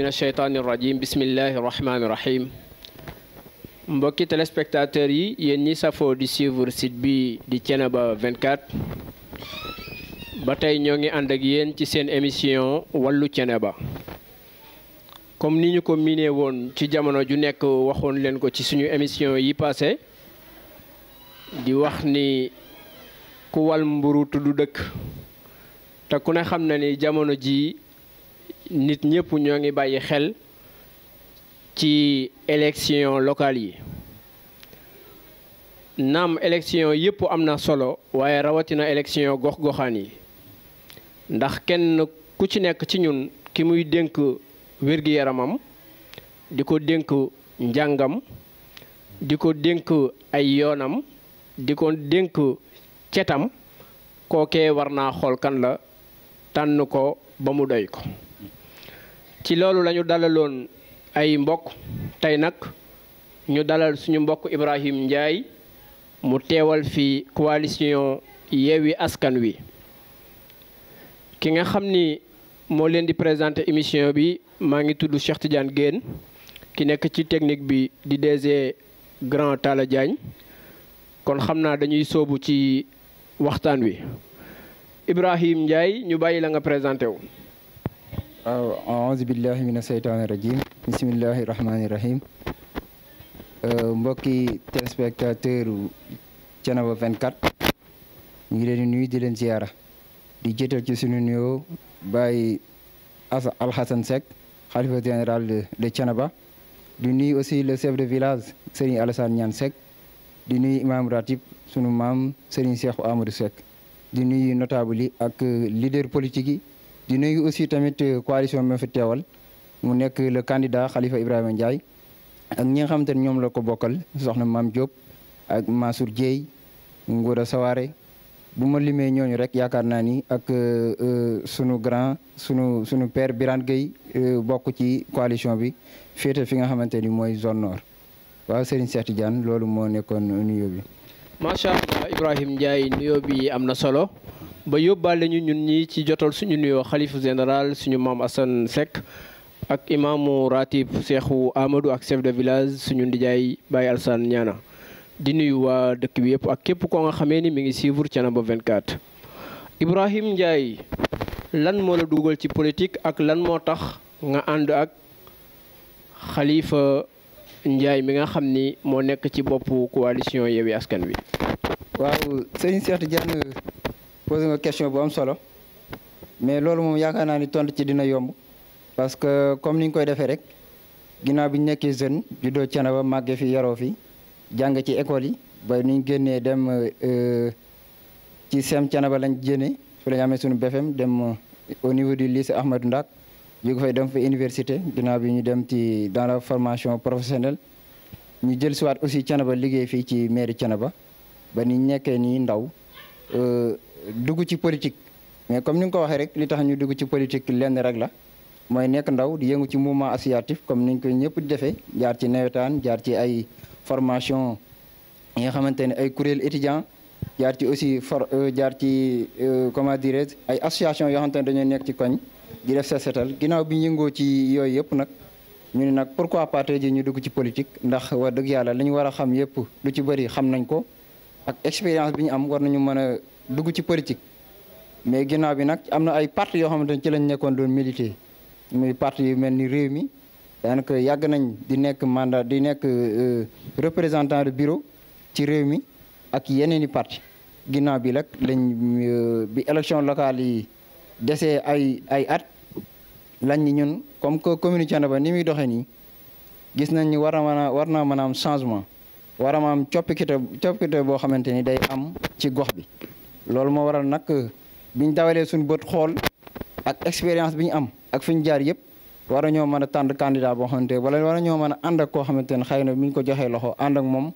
min alsheytaani irrajim bismillahi irrahmaani irrahim mbokki téléspectateurs yi yéen ñi safoo di suivre site bi di Thiénaba 24 ba tey ñoo ngi ànd ak yéen ci seen émission wàllu ba comme ni ñu ko miinee woon ci jamono ju nekk waxoon leen ko ci suñu émission yi passé di wax ni ku wal mburu tudd dëkk te ku ne xam na ni jamono ji nit ñëpp ñoo ngi bàyyi xel ci élection locale yi naam élection yëpp am na solo waaye rawatina élection gox-goxaan yi ndax kenn ku ci nekk ci ñun ki muy dénk wér-gi-yaramam di ko dénk njàngam di ko dénk ay yoonam di ko dénk cetam kookee war naa xool kan la tànn ko ba mu doy ko ci loolu lañu dalaloon ay mbokk tey nag ñu dalal suñu mbokk Ibrahim Ndiaye mu teewal fi coalition Yewwi Askan Wi ki nga xam ni moo leen di présenter émission bi maa ngi tudd Cheikh génn ki nekk ci technique bi di DG Grand Talla Diagne kon xam naa dañuy soobu ci waxtaan wi Ibrahim Ndiaye ñu bàyyi la nga présenté wu aouzu billahi mina seytaani rajim bismillahi rahmaani rahim mbokki téléspectateur Thiénaba 24 ñu ngi leen di nuyu di leen ziyaara di jëtal ci sunu nuyo Baye Asa Alhassane xalifa général de Thiénaba di nuy aussi le chef de village Serigne Alassane Niane Seck di nuy imam ratib sunu maam Serigne Cheikhou Amadou Seck di nuyu notable yi ak leader politique yi di nuyu aussi tamit euh, coalition bi ma fi teewal mu nekk le candidat Khalifa Ibrahima Ndiaye ak ñi nga xamante ne ñoom la ko bokkal soxna maam Diop ak Mansour nguur a Saware bu ma limee ñooñu rek yaakaar naa ni ak euh, euh, sunu grand sunu sunu père Birane Gueye bokk ci coalition bi féete fi nga xamante ni mooy zone nord waaw Serigne seeti Tidiane loolu moo nekkoon nuyoo bi. macha allah Ibrahima Ndiaye nuyoo am na solo. ba yóbbaale ñu ñun ñi ci jotal suñu nuyoo xalifu général suñu maam Assane Seck ak imaamu ratib Seexu Amadou ak chef de village suñu ndijaay Baye Alsane ñaana di nuyu waa dëkk bi yëpp ak képp ko nga xamee ni mi ngi suivre Thiénaba 24. Ibrahim Ndiaye lan moo la dugal ci politique ak lan moo tax nga ànd ak xalifa njaay mi nga xam ni moo nekk ci boppu coalition Yewwi Askan Wi. posé nga question bu am solo mais loolu moom yaakaar naa ni tontu ci dina yomb parce que comme ni ñu koy defee rek ginnaaw bi ñu nekkee jeune juddoo Thiénaba màggee fi yaroo fi jàng ci école yi ba ni génnee dem euh, ci sem Thiénaba lañ génnee fi lañ amee suñu BFM dem euh, au niveau du lycée Ahmadou Ndak yu ko fay dem fa université ginnaaw bi ñu dem ci dans la formation professionnelle ñu jël si aussi aussi Thiénaba liggéey fii ci mairie Thiénaba ba ni ñu ni ndaw. Euh, dugg ci politique mais comme ni nga ko waxee rek li tax ñu dugg ci politique lend rek la mooy nekk ndaw di yëngu ci mouvement associatif comme ni ñu koy ñëpp di defee jaar ci nawetaan jaar ci ay formation yi nga xamante ne ay kuréel étudiant jaar ci aussi for euh, jaar ci euh, comment dirais ay association yoo xamante ne nekk ci koñ di def set setal ginnaaw bi ñu yëngoo ci yooyu yëpp nag ñu ne nag pourquoi pas tey jii ñu dugg ci politique ndax wa dëgg yàlla li ñu war a xam yëpp lu ci bëri xam nañ ko ak expérience bi am war nañu mën dugg ci politique mais ginnaaw bi nag am na ay parti yoo xamante ne ci lañ nekkoon doon militer muy parti yu mel ni réew mi daanaka yàgg nañ di nekk mandat di nekk euh, représentant de bureau ci réew mi ak yeneen i parti ginnaaw bi rek lañ euh, bi élection locale yi dese ay ay at lañ ni ñun comme que commune ba ni muy doxee nii gis nañ ni war na a war naa mën a am changement war a mën am coppite coppite boo xamante ni day am ci gox bi loolu moo waral nag biñ dawalee suñu bët xool ak expérience bi ñu am ak fi jaar yëpp war a ñoo mën a tànd candidat boo xamante wala war a ñoo mën a ànd ak koo xamante ne xëy na bu ñu ko joxee loxo ànd ak moom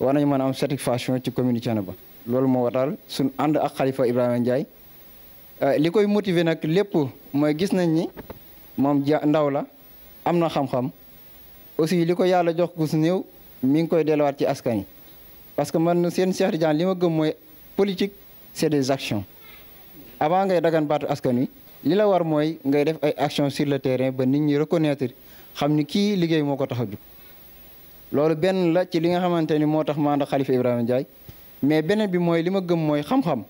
war nañu mën a am satisfaction ci commune ba loolu moo waral suñu ànd ak Khalifa Ibrahima Ndiaye euh, li koy motiver nag lépp mooy gis nañ ni moom ja ndaw la am na xam-xam aussi li ko yàlla jox ku su néew mi ngi koy delluwaat ci askan yi parce que man seen Cheikh Tidiane li ma gëm mooy politique. c'est des action avant ngay dagan baatu askan wi lii la war mooy ngay def ay action sur le terrain ba nit ñi reconnaître xam ni kii liggéey moo ko tax a jóg loolu benn la ci li nga xamante ni moo tax maanda Khalifa Ibrahima Ndiaye mais beneen bi mooy li ma gëm mooy xam-xam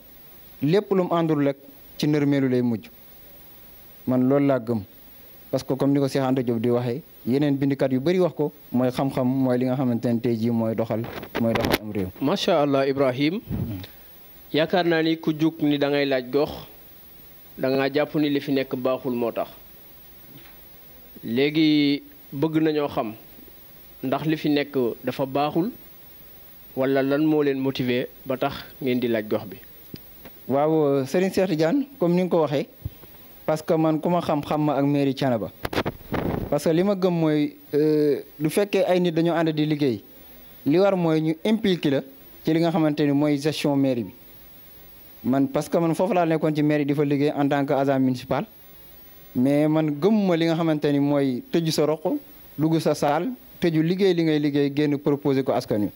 lépp lu mu àndul rek ci nërmeelu lay mujj man loolu laa gëm parce que comme ni ko Cheikh Anta Diop di waxee yeneen bindikat yu bëri wax ko mooy xam-xam mooy li nga xamante ne tey jii mooy doxal mooy doxal am yaakaar naa ni ku jug ni da ngay laaj gox da nga jàpp ni li fi nekk baaxul moo tax léegi bëgg nañoo xam ndax li fi nekk dafa baaxul wala lan moo leen motiver ba tax ngeen di laaj gox bi. waaw euh, Serigne Cheikh Tidiane comme ni nga ko waxee parce que man ku ma xam-xam ma ak mairie Thiénaba parce que li ma gëm mooy euh, du fekkee ay nit dañoo ànd di liggéey li war mooy ñu impliqué la ci li nga xamante ni mooy gestion mairie bi. man parce man foofu laa nekkoon ci mairie di fa liggéey en tant que municipal mais man gëmuma li nga xamante ni mooy tëju sa roq dugg sa saal tëju liggéey li ngay liggéey génn proposé ko askan wi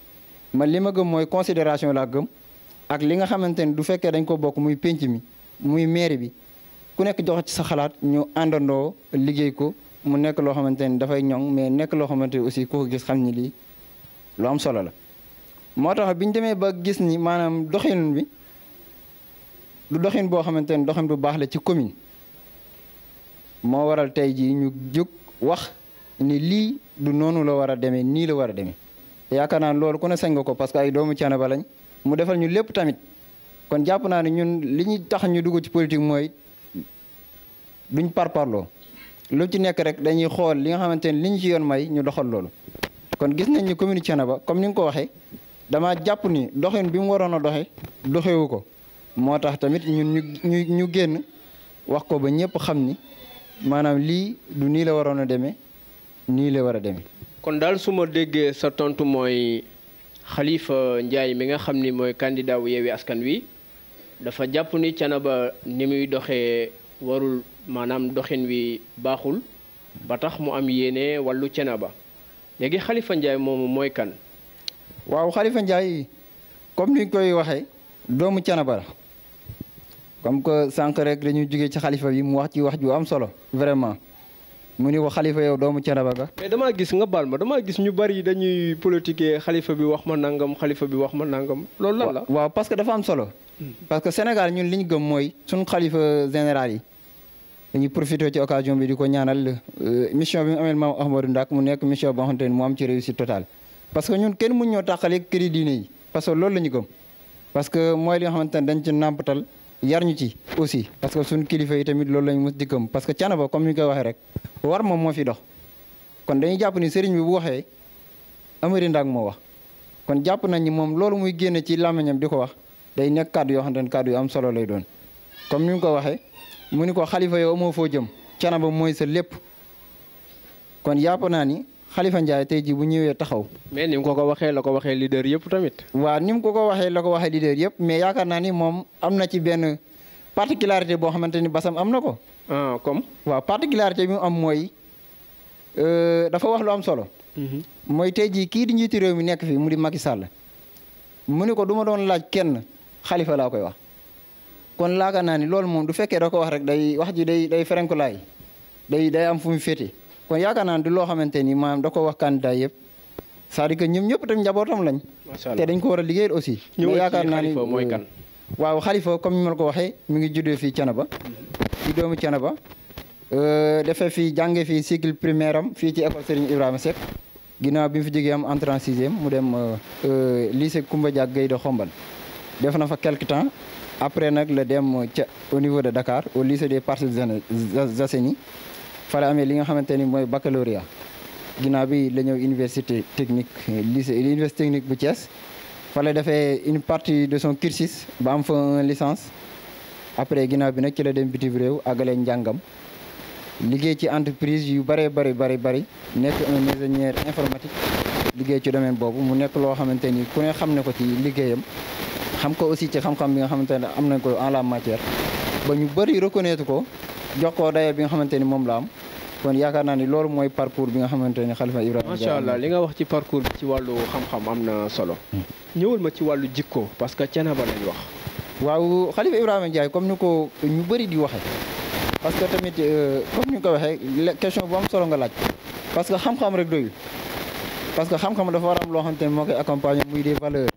man li ma gëm mooy considération laa gëm ak li nga xamante ni du fekkee dañ ko bokk muy pénc mi muy mairie bi ku nekk joxe ci sa xalaat ñu àndandoo liggéey ko mu nekk loo xamante ni dafay ñoŋ mais nekk loo xamante ni aussi ku ko gis xam ni lii lu am solo la du doxin boo xamante ne doxin bu baax la ci commune moo waral tey jii ñu jóg wax ni lii du noonu la war a demee nii la war a demee yaakaar naa loolu ku ne sañ ko parce que ay doomu Thiénaba lañ mu defal ñu lépp tamit kon jàpp naa ne ñun li ñu tax ñu dugg ci politique mooy duñ loo lu ci nekk rek dañuy xool li nga xamante ne li ñu may ñu doxal loolu. kon gis nañ ni commune Thiénaba comme ni nga ko waxee dama jàpp ni doxin bi mu waroon a doxe doxewu ko. moo tax tamit ñu ñu ñu génn wax ko ba ñëpp xam ni maanaam lii du nii la waroon a demee nii la war a deme kon daal su ma déggee sa tontu mooy xalifa njaay mi nga xam ni mooy candidat wu Yewwi Askan Wi dafa jàpp ni Thiénaba ni muy doxee warul maanaam doxin wi baaxul ba tax mu am yéene wàllu Thiénaba léegi xalifa Ndiaye moomu mooy kan. waaw Khalifa Ndiaye comme ni ñu koy waxee doomu Thiénaba la comme que sànq rek dañuy jógee ci xalifa bi mu wax ci wax ju am solo vraiment mu ni ko xalifa yow doomu Thiénaba ga mais damaa gis nga baal ma dama gis ñu bari dañuy politiquer xalifa bi wax ma nangam xalifa bi wax ma nangam. loolu lan la waaw parce que dafa am solo. Hmm. parce que Sénégal ñun li ñu gëm mooy suñu xalifa général yi. dañuy profité ci occasion bi di ko ñaanal euh, mission bi mu ameel maam Ahmadou Ndak mu nekk mission boo xamante ne mu am ci réussite totale. parce que ñun kenn mënuñoo tàqale crédit la ñu gëm parce que mooy li nga dañ ci nàmpatal. yar ñu ci aussi parce que suñ kilifa yi tamit loolu lañ mos dikkam parce que Thiénaba comme ni ñu koy waxee rek war moom moo fi dox kon dañuy jàpp ni sëriñ bi bu waxee Amary Ndack moo wax kon jàpp nañ ni moom loolu muy génne ci làmmiñam di ko wax day nekk kàddu yoo xamante ne kàddu yu am solo lay doon comme ni mu ko waxee mu ni ko xalifa yow amoo foo jëm Thiénaba mooy sa lépp kon yàpp naa ni xalifa Ndiaye tey jii bu ñëwee taxaw. mais ni mu ko ko waxee la ko waxee leader yëpp tamit. waa ni mu ko ko waxee la ko waxee leader yëpp mais yaakaar naa ni moom am na ci benn particularité boo xamante ni basam am na ko. ah comme. waaw particularité bi mu am mooy euh, dafa wax lu am solo. Mhm. mooy tey jii kii di njiitu réew mi nekk fi mu di Macky Sall mu ni ko duma doon laaj kenn xalifa laa koy wax. kon laaka naa ni loolu moom du fekkee da ko wax rek day wax ji day day ferenkulaay day day am fu mu féete. kon yaakaar naa du loo xamante ni maanaam da ko wax candidat yëpp c'est-à-dire que ñoom ñëpp tam njabootam lañ. te dañ ko war liggéey liggéeyal aussi. ñëw yaakaar naa mooy kan. waaw xalifa comme ni ma ko waxee mi ngi juddoo fii Thiénaba di doomu Thiénaba euh, dafay fii jànge fii cycle primaire am fii ci école Serigne Ibrahima Seck ginnaaw bi fi jógee am entrée en sixième mu dem euh, euh, lycée Koumba Diak Gaïndé Khombole def na fa quelque temps après nag la dem ca au niveau de Dakar au lycée des Parcelles Assainies fa la amee li nga xamante ni mooy baccalauréat ginnaaw bi la université technique lycée université technique bu Thiès fa la defee une partie de son cursus ba am fa un licence après ginnaaw bi nag ci la dem bitim réew àggale njàngam liggéey ci entreprise yu bëree bëri bëri bëri nekk un ingénieur informatique liggéey ci domaine boobu mu nekk loo xamante ni ku ne xam ne ko ci liggéeyam xam ko aussi ci xam-xam bi nga xamante ne am nañ ko en la matière ba ñu bëri ko jox ko bi nga xamante ni moom la kon yaakaar naa ni loolu mooy parcours bi nga xamante ne Xalifa Ibrahima macha allah li nga wax ci parcours bi ci wàllu xam-xam am na solo hmm. ñëwal ma ci wàllu jikko parce que Thiénaba lañ wax waaw Xalifa Ibrahima Ndiaye comme ni ko ñu bëri di waxee parce que tamit euh, comme ñu ko waxee question bu am solo nga laaj parce que xam-xam rek doyul parce que xam-xam dafa war am loo xamante ne moo koy accompagner muy des valeurs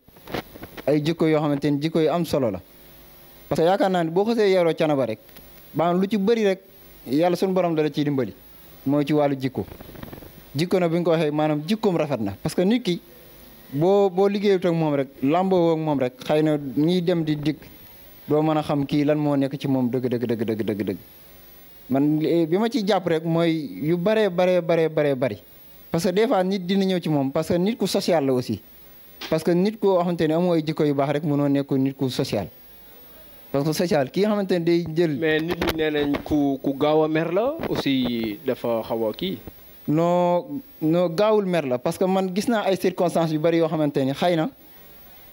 ay jikko yoo xamante ni jikko yu am solo la parce que yaakaar naa ni boo xasee yaroo Thiénaba rek maanaam lu ci bëri rek yàlla suñu borom dala ciy dimbali mooy ci wàllu jikko jikko na bi ñu ko waxee maanaam jikkoom rafet na parce que nit ki boo boo liggéeyut ak moom rek làmboo wook moom rek xay na ñiy dem di dikk doo mën a xam kii lan moo nekk ci moom dëgg dëgg dëgg dëgg dëgg dëgg man eh, bi ma ciy jàpp rek mooy yu baree baree baree baree bari parce que des fois nit dina ñëw ci moom parce que nit ku social la aussi parce que nit koo xamante ne amoo ay jikko yu baax rek mënoo nekk nit ku social parce que social ki nga xamante ne day jël. mais nit ñi nee ku ku a mer la aussi dafa xaw a kii. non non gaawul mer la parce que man gis naa ay circonstances yu bari yoo xamante ni xëy na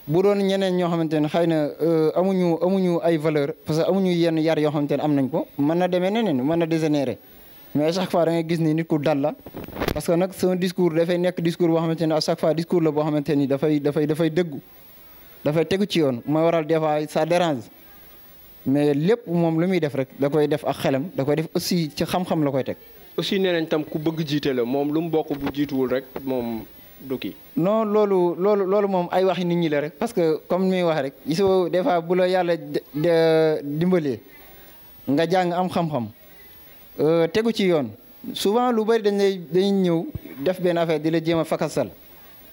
bu doon ñeneen ñoo xamante ne xëy na euh, amuñu amuñu ay valeur parce que amuñu yenn yar yoo xamante ne am nañ ko mën na demee neneen mën na dégénérer mais à chaque fois da gis ni nit ku dal la parce que nag sama discours dafay nekk discours boo xamante ne à chaque fois discours la boo xamante ni dafay dafay dafay dëggu dafay tegu ci yoon mais lépp moom lu muy def rek da koy def ak xelam da koy def aussi ci xam-xam la koy teg. aussi nee nañ tam ku bëgg jiite la moom lu mu bokk bu jiituwul rek moom du kii. non loolu loolu loolu moom ay wax nit ñi la rek parce que comme ni muy wax rek yi soo fois bu la yàlla dimbalee nga jàng am xam-xam euh, tegu ci yoon souvent lu bari dañ lay dañuy ñëw def benn affaire di la jéem a fakasal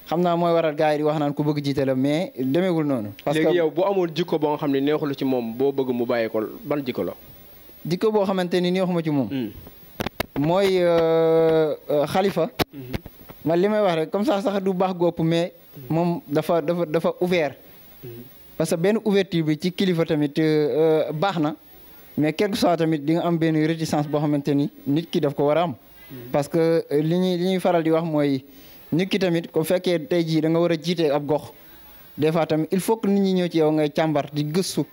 xam naa mooy waral gars yi di wax naan ku bëgg jiite mais demeewul noonu. parce que léegi yow bu amoon jikko boo xam ne neexul ci moom boo bëgg mu bàyyi ko ban jikko la. jikko boo xamante ni neexuma ci moom. Hmm. mooy xalifa. Euh, euh, hmm. man li may wax rek comme sax sax du baax gopp mais hmm. moom dafa dafa dafa ouvert. parce que benn ouverture bi ci kilifa tamit euh, baax na mais quelque soit tamit di nga am benn réticence boo xamante ni nit ki daf ko war a am. parce que li ñuy li ñuy faral di wax mooy. nit ki tamit ko fekkee tey jii da nga war a jiitee ab gox des fois tamit il faut que nit ñi ñëw ci yow ngay càmbar di gëstu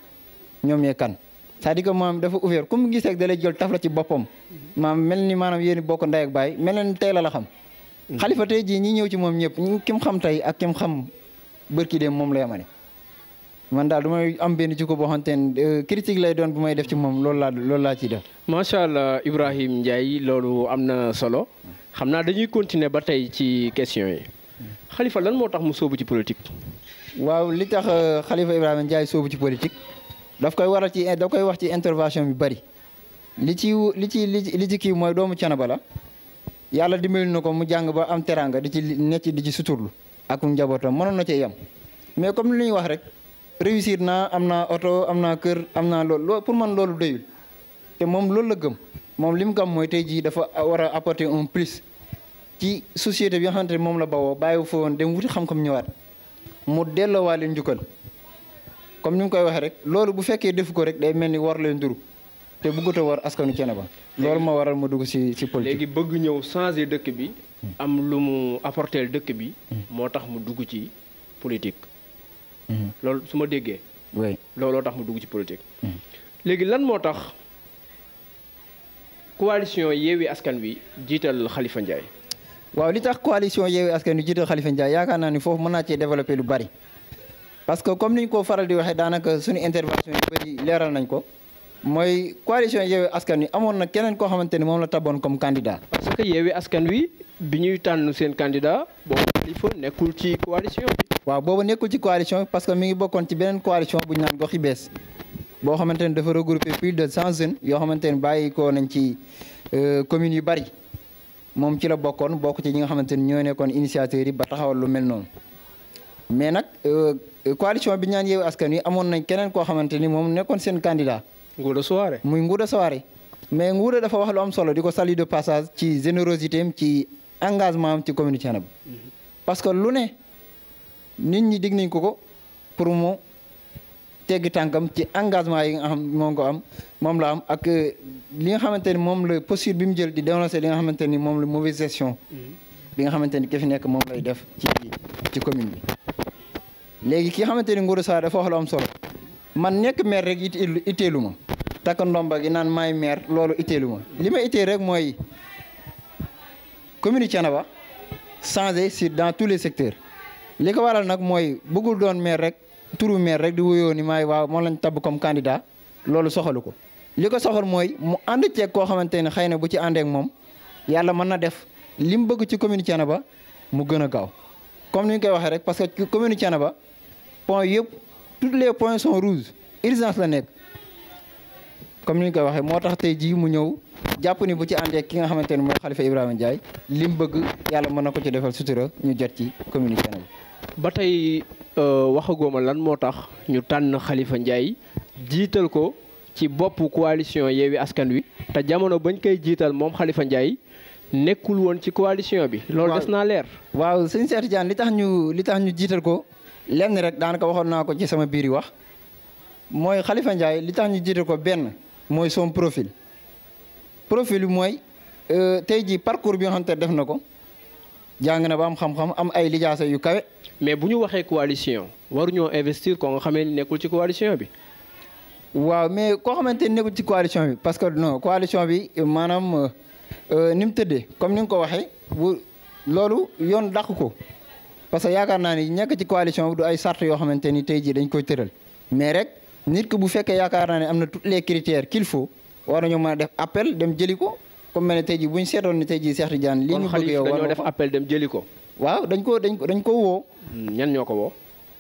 ñoom ñooy kan cest à maam dafa ouvert comme gisee rek da lay jël taf la ci boppam maam mel ni maanam yéen bokk ndey ak baay mel ni tey la xam mm-hmm. xalifa tey jii ñi ñëw ci moom ñëpp kim xam tey ak kim xam bërki dem moom la yamane man daal du may am benn jikko boo xamante ne euh, critique lay doon bu may def ci moom loolu laa loolu laa ciy def. macha allah Ibrahim Ndiaye loolu am na solo xam naa dañuy continuer ba tey ci question yi xalifa lan moo tax mu soobu ci politique. waaw li tax xalifa euh, Ibrahima Ndiaye soobu ci politique daf koy waral ci daf koy wax ci intervention bi bari li ci li ci li ci kii mooy doomu Canaba bala yàlla di dimbali na ko mu jàng ba am teraanga di ci nekk di ci suturlu ak njabootam mënoon na cee yem mais comme li réussir naa am na oto am naa kër am naa loolu pour man loolu doyul te moom loolu la gëm moom li mu gëm mooy tey jii dafa war a apporter un plus ci société bi nga xamante ne moom la bawoo bàyyiwu fa woon dem wuti xam-xam ñëwaat mu delloowaale leen njukkal comme ni koy waxee rek loolu bu fekkee defu ko rek day mel ni war leen duru te bëggut a war askanu ba loolu ma waral ma dugg si si léegi bëgg ñëw changer dëkk bi am lu mu apporter dëkk bi hmm. moo tax mu dugg ci politique Mm-hmm. loolu su ma déggee. oui looloo tax mu dugg ci politique. Mm-hmm. léegi lan moo tax coalition Yewwi Askan Wi jiital Khalifa Ndiaye. waaw li tax coalition Yewwi Askan Wi jiital Khalifa Ndiaye yaakaar naa ni foofu mën naa cee développer lu bari parce que comme ni ñu ko faral di waxee daanaka suñu intervention yu bari leeral nañ ko. mooy coalition Yewwi Askan Wi amoon na keneen koo xamante ni moom la taboon comme candidat. parce que Yewwi Askan Wi bi ñuy tànn seen candidat boobu Khalifa nekkul ci coalition bi. waaw boobu nekkul ci coalition parce que mi ngi bokkoon ci beneen coalition bu ñu naan gox yu bees boo xamante ni dafa regroupé plus de cent jeunes yoo xamante ni bàyyi ko nañ ci euh, communes yu bari moom ci la bokkoon bokk ci ñi nga xamante ni ñoo nekkoon initiateurs yi ba taxawal lu mel noonu mais nag euh, coalition bi ñu naan as Askan Wi amoon nañ keneen koo xamante ni moom nekkoon seen candidat. Ngouda Souaré muy Ngouda Souaré mais Ngouda dafa wax lu am solo di ko saluer de passage ci générosité am ci engagement am ci commune Thiénaba mm-hmm. parce que lu ne nit ñi dig nañ ko ko pour mu teggi tànkam ci engagement yi xam moo ko am moom la am ak euh, li nga xamante ni moom la posture bi mu jël di dénoncer li nga xamante ni moom la mauvaise gestion mm-hmm. bi nga xamante ni ki fi nekk moom lay def ci ci commune bi léegi ki nga xamante ni Ngouda Souaré dafa wax lu am solo man nekk maire rek it itteelu ma takk ndomba gi naan may maire loolu itteelu ma li ma itteel rek mooy commune Thiénaba changé si dans tous les secteurs li ko waral nag mooy bëggul doon maire rek turu maire rek di wuyoo ni maay waaw moo lañ tabb comme candidat loolu soxalu ko li ko soxal mooy mu ànd ceeg koo xamante ne xëy na bu ci àndeek moom yàlla mën na def li mu bëgg ci commune ba mu gën a gaaw comme ni ñu koy waxee rek parce que commune ba point yëpp tous les points sont rouges urgence la nekk comme ni koy waxee moo tax tey jii mu ñëw jàpp ni bu ci àndee ki nga xamante ne mooy Khalifa Ibrahima Ndiaye li mu bëgg yàlla mën na ko ci defal sutura ñu jot ci communiqué nañ. ba tey euh, waxagooma lan moo tax ñu tànn xalifa Ndiaye jiital ko ci bopp coalition Yewwi Askan Wi te jamono bañ koy jiital moom xalifa Ndiaye nekkul woon ci coalition bi. loolu des naa leer. waaw sëñ Cheikh Tidiane li tax ñu jiital ko lenn rek daanaka waxoon naa ko ci sama biir yi wax mooy Khalifa Ndiaye li tax ñu jiite ko benn mooy son profil profil bi mooy euh, tey jii parcours bi nga xam te def na ko jàng na ba am xam-xam am ay lijaasa yu kawe. mais bu ñu waxee coalition waruñoo investir ko nga xamee nekkul ci coalition bi. waaw mais koo xamante ni nekkul ci coalition bi parce que non coalition bi maanaam euh, euh, ni mu tëddee comme ni nga ko waxee bu loolu yoon dàq ko. parce que yaakaar naa ni ñàkk ci coalition du ay sart yoo xamante ni tey jii dañ koy tëral mais rek nit ki bu fekkee yaakaar naa ne am na tous les critères qu'il faut war nañoo def appel dem jëli ko comme mel ne tey jii bu ñu seetoon ne tey jii Cheikh Tidiane lii ñu bëgg yow dañoo def ko waaw dañ ko dañ ko dañ ko woo hmm, ñan ñoo ko woo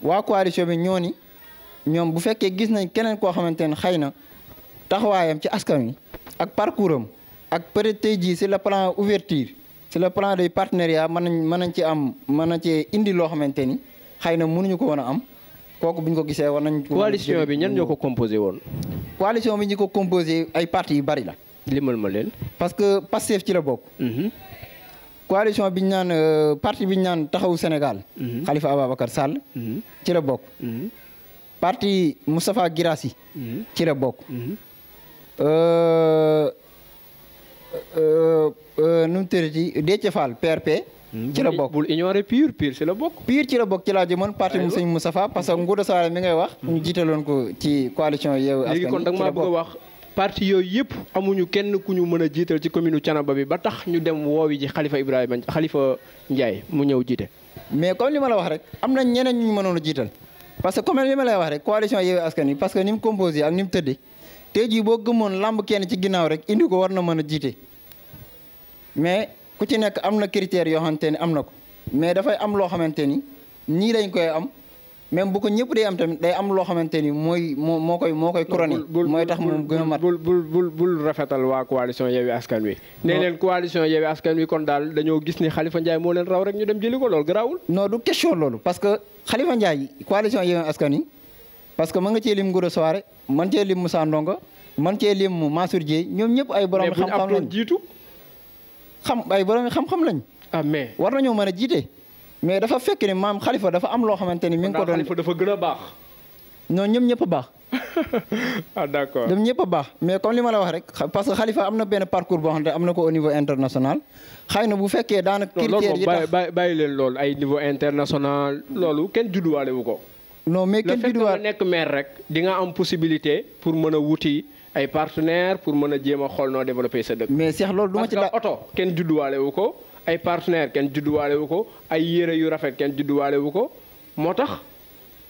waa coalition bi ñoo ni ñoom bu fekkee gis nañ keneen koo xamante ne xëy na taxawaayam ci askan wi ak parcours am ak peut-être tey jii le plan ouverture ci la plan des partenariats mën nañ mën nañ ci am mën nañ ci indi loo xamante ni xëy na munuñu ko woon a am kooku bu ko gisee war nañ coalition bi ñan ñoo ko composé woon coalition bi ñi ko composé ay parti yu bari la limal ma leen parce que Pastef ci la bokk mhm. coalition bi naan euh, parti bi ñu naan taxawu Sénégal mhm. Khalifa Ababacar Sall mhm. ci la bokk parti Moustapha Guirassy ci la bokk euh, Euh, euh, nu mu tëri ci Déthié Fall PRP. Hmm, ci la bokk bul ignorer pur pur ci la bokk. pur ci la bokk ci laa jëmoon parti mu sëñ Moustapha parce que Ngouda Sarr mi ngay wax. Hmm. jiitaloon ko ci coalition Yewwi wax. parti yooyu yëpp amuñu kenn ku ñu mën a jiital ci commune Thiénaba bi ba tax ñu dem woowi ji xalifa Ibrahima Khalifa Ndiaye mu ñëw jiite. mais comme li ma la wax rek am na ñeneen ñu mënoon a jiital parce que comme li wax rek coalition Yewwi Askan parce que ni mu composé ak ni mu tëddee. tey jii boo gëmoon làmb kenn ci ginnaaw rek indi ko war na mën a jiite mais ku ci nekk am na critères yoo xamante ni am na ko mais dafay am loo xamante ni ñii dañ koy am même bu ko ñëpp day am tamit day am loo xamante ni mooy moo moo koy moo koy couronné mooy tax moom gën a mat bul bul bul rafetal waa coalition Yewwi Askan Wi nee leen coalition Yewwi Askan Wi kon daal dañoo gis ni Khalifa Ndiaye moo leen raw rek ñu dem jëli ko loolu garaawul noo du question loolu parce que Khalifa Ndiaye coalition Yewwi Askan Wi parce que ma nga cee lim Ngouda Soare man cee lim Moussa Ndongo man cee lim mu Mansour Dieye ñoom ñëpp ay borom xam-xam lañ jiitu xam ay borom xam lañ. Ah, mais war nañoo mën a jiite. mais dafa fekk ni maam xalifa dafa am loo xamante ni mi ngi ko doon dafa gën a baax. non ñoom ñëpp a baax. ah d' accord ñoom ñëpp a baax mais comme li ma la wax rek parce que xalifa am na benn parcours boo xam ne am na ko o niveau international xëy na bu fekkee daana critères yi tax loolu bàyyi leen loolu ay niveau international loolu kenn judduwaale ko. non mais kenn du war nekk maire rek di nga am possibilité pour mën a wuti ay partenaires pour mën a jéem a xool noo développé sa dëkk. mais Cheikh loolu du ma ci la oto kenn judduwaale wu ko ay partenaires kenn judduwaale wu ko ay yére yu rafet kenn judduwaale wu ko moo tax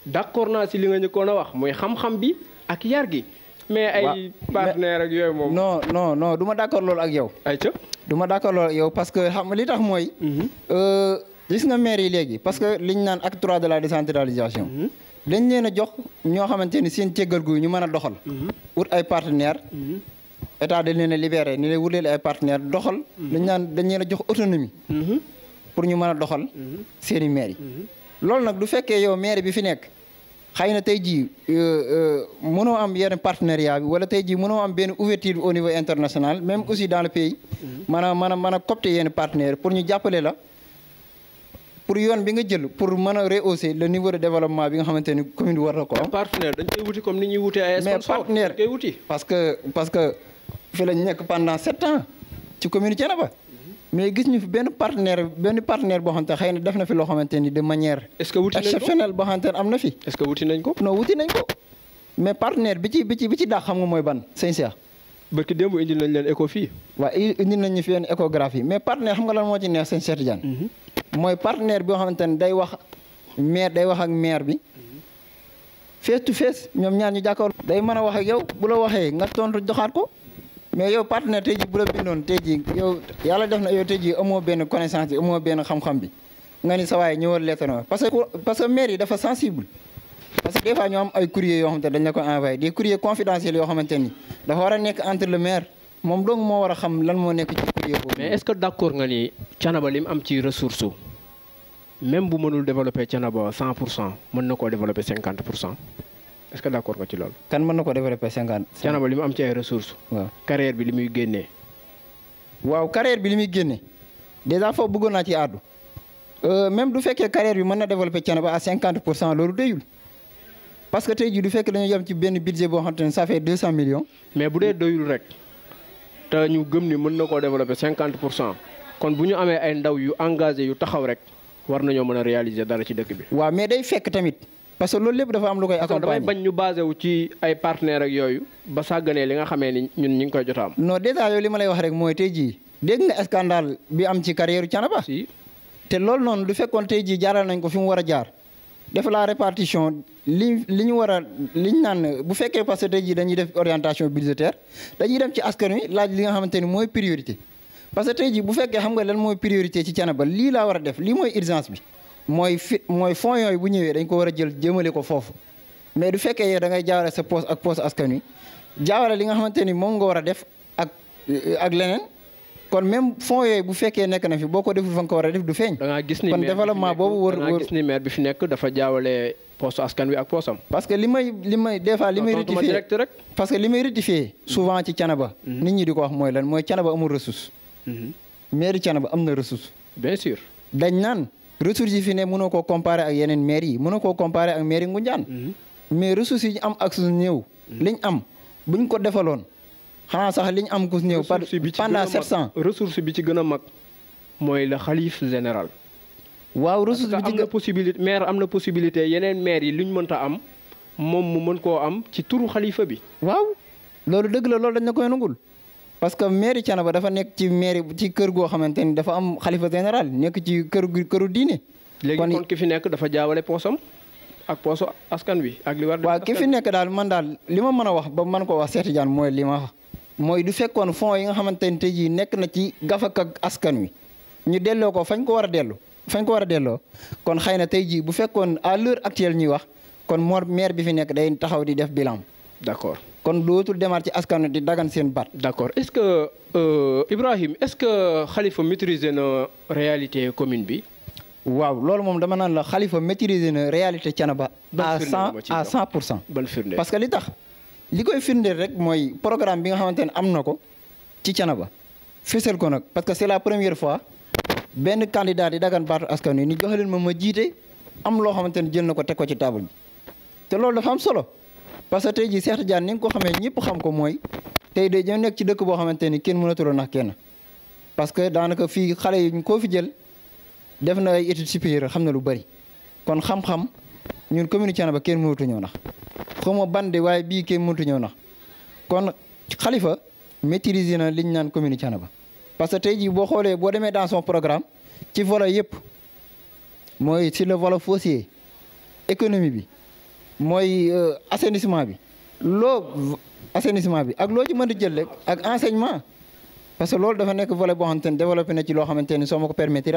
d'accord naa si li nga njëkkoon a wax mooy xam-xam bi ak yar gi. mais ay partenaires ak yooyu moom. non non non du ma d'accord loolu ak yow. ayca du ma d'accord loolu ak yow parce que xam li tax mooy. Mhm. Euh, gis nga maire yi léegi parce que liñ naan acte trois de la décentralisation. Mhm. dañ leen a jox ñoo xamante ni seen céggal gu ñu mën a doxal. Mhm. wut ay partenaires. Mhm. état dañ leen a libéré ni lay wuteel ay partenaires doxal. dañ naan dañ leen jox autonomie. pour ñu mën a doxal. seen i maire yi. loolu nag du fekkee yow maire bi fi nekk. xëy na tey jii euh, euh, mënoo am yenn partenariat bi wala tey jii mënoo am benn ouverture au niveau international même aussi dans le pays. maanaam a copter yenn partenaires pour ñu jàppale la. pour yoon bi nga jël pour mën a rehausser le niveau de développement bi nga xamante ni commune bi war na ko am. partenaire dañ koy que parce que fi nekk pendant sept ans ci commune Thiénaba mais gis ñu fi benn partenaire benn partenaire boo xamante xëy na def na fi loo xamante ni de manière. est-ce que wuti nañ ko exceptionnelle boo xamante am na fi. est-ce que wuti nañ ko. non wuti nañ ko mais partenaire bi ci bi ci ci daax xam nga mooy ban sëñ Cheikh. barki démb indil nañ éco fii. waa indil nañ ñu fi yenn échographie mais partenaire xam nga lan moo ci neex sëñ Cheikh Tidiane. Mhm. mooy partenaire bi nga xamante ne day wax maire day wax ak maire bi face to face ñoom ñaar ñu jàkkaar day mën a wax ak yow bu la waxee nga tontu joxaat ko mais yow partenaire tey ji bu la bindoon tey ji yow yàlla def na yow tey ji amoo benn connaissance bi amoo benn xam-xam bi nga ni sa waay ñëwal lettre na parce que que maire yi dafa sensible parce que des fois ay courrier yoo xamante dañ la ko envoyé des courriers confidentiels yoo xamante ni dafa war a nekk entre le moom dong moo war a xam lan moo nekk ci yóbbu mais est-ce que d'accord nga ni Thiénaba li mu am ci ressource même bu mënul développer Thiénaba 100 pour cent mën na koo développer 50 pour cent est-ce que d'accord ci loolu. kan mën na koo développer 50. Thiénaba li mu am ci ay ressources. waaw bi li muy génnee. waaw carrière bi li muy génne déjà foofu bëggoon naa ci àddu euh, même du fekkee carrière bi mën na développer Thiénaba à 50 pour cent loolu doyul parce que tey jii du fekk dañu yem ci benn budget boo xamante ne ça fait 200 mais bu dee doyul rek. te ñu gëm ni mën na koo développer cinquante pour cent kon bu ñu amee ay ndaw yu engagé yu taxaw rek war nañoo mën a réaliser dara ci dëkk bi. waa mais day fekk tamit parce que loolu lépp dafa am lu koy accompagner. damay bañ ñu basé wu ci ay partenaires ak yooyu ba sàgganee li nga xamee ni ñun ñu ngi koy jot a am. non dèjà yow li ma lay wax rek mooy tey jii dégg nga scandale bi am ci carrière Thiénaba. si te loolu noonu du fekkoon tey jii jaaral nañ ko fi mu war a jaar. def la répartition li li ñu war a li ñu naan bu fekkee parce que tey jii dañuy def orientation budgétaire dañuy dem ci askan wi laaj li nga xamante ni mooy priorité. parce que tey jii bu fekkee xam nga lan mooy priorité ci Thiénaba lii laa war a def lii mooy urgence bi mooy fi mooy fonds yooyu bu ñëwee dañ ko war a jël jëmale ko foofu mais du fekkee yow da ngay jaawale sa poste ak poste askan wi jaawale li nga xamante ni moom nga war a def ak ak leneen. kon même fonds yooyu bu fekkee nekk na fi boo ko deful fa nga ko war a def du feeñ. da gis ni kon développement boobu wër wër gis ni bi fi nekk dafa jaawale poste askan wi ak poste am. parce que li may li may des fois li may rectifier parce que li may rectifier souvent ci canaba. Mhm. nit ñi di ko wax mooy lan mooy canaba amul ressource. Mhm. mairie canaba am na ressource. bien dañ naan ressource yi fi ne mënoo koo comparer ak yeneen maire yi mënoo koo comparer ak maire Ngoundiane. Mhm. mais ressource yi ñu am ak suñu néew. liñ am bu ñu ko defaloon. xanaa sax li ñu am ku néew. par pendant sept cent ressource bi ci gën a mag mooy la xalif général. waaw ressource bi ci am na possibilité maire am na possibilité yeneen maire yi lu ñu mënta am moom mu mën koo am ci turu xalifa bi. waaw loolu dëgg la loolu dañ na koy parce que mairie Thiénaba dafa nekk ci mairie ci kër goo xamante ni dafa am xalifa général nekk ci kër këru diine. léegi kon ki fi nekk dafa jaawale poosam ak poosu askan wi. ak li war waaw ki fi nekk daal man daal li ma mën a wax ba mën koo wax Cheikh Tidiane mooy li wax. mooy du fekkoon fonds yi nga xamante ne tey jii nekk na ci gafak askan wi ñu delloo ko fañ ko war a delloo fañ ko war a delloo kon xëy na tey jii bu fekkoon à l'heure actuelle ñuy wax kon moo maire bi fi nekk day taxaw di def bilan. d'accord kon dootul demaat ci askan wi di dagan seen baat. d'accord est-ce que euh, Ibrahim est-ce que Khalifa maîtriser na réalité commune bi. waaw loolu moom dama naan la Khalifa maîtriser na réalité Thiénaba. à cent à cent pour cent. parce que li tax. li koy firndeel rek mooy programme bi nga xamante ne am na ko ci Thiénaba fësal ko nag parce que c'est la première fois benn candidat di dagan baatu askan wi ni jox leen ma ma jiite am loo xamante ne jël na ko teg ko ci table bi te lool dafa am solo parce que tey jii Cheikh Tidiane ni nga ko xamee ñëpp xam ko mooy tey de ñoo nekk ci dëkk boo xamante ni kenn mënatuloo nax kenn parce que daanaka fii xale yi ñu koo fi jël def na ay études supérieures xam na lu bari kon xam ñun commune ba kenn mënatu ñëw nax xawma bande waaye bii kenn mënatu ñëw nax kon xalifa maîtriser na liñ naan commune Thiénaba parce que tey jii boo xoolee boo demee dans son programme ci volet yëpp mooy ci le volet foncier économie bi mooy euh, assainissement bi loo assainissement bi ak loo mën di jël ak enseignement parce que loolu dafa nekk volet boo xamante ne développé na ne soo ma ko permettre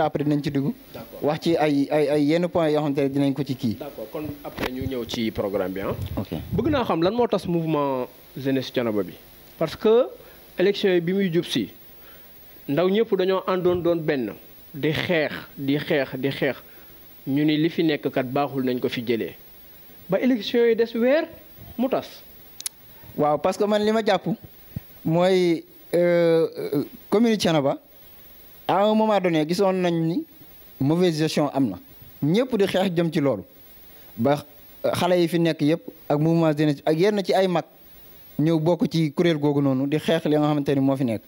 wax ci ay ay ay yenn points yoo xamante ne dinañ ko ci kii. kon après ñu ñëw ci programme bi ah. ok bëgg naa xam lan moo tas mouvement jeunesse Thiénaba bi. parce que élection yi bi muy jub si ndaw ñëpp dañoo àndoon doon benn di xeex di xeex di xeex ñu ni li fi nekk kat baaxul nañ ko fi jëlee ba élection yi des weer mu tas. waaw parce que man li ma jàpp mooy. Euh, euh, commune Thiénaba à un moment donné gisoon nañ ni mauvaise gestion am na ñëpp di xeex jëm ci loolu ba xale yi fi nekk yëpp ak mouvement jeunesse ak yenn ci ay mag ñëw bokk ci kuréel googu noonu di xeex li nga xamante ni moo fi nekk.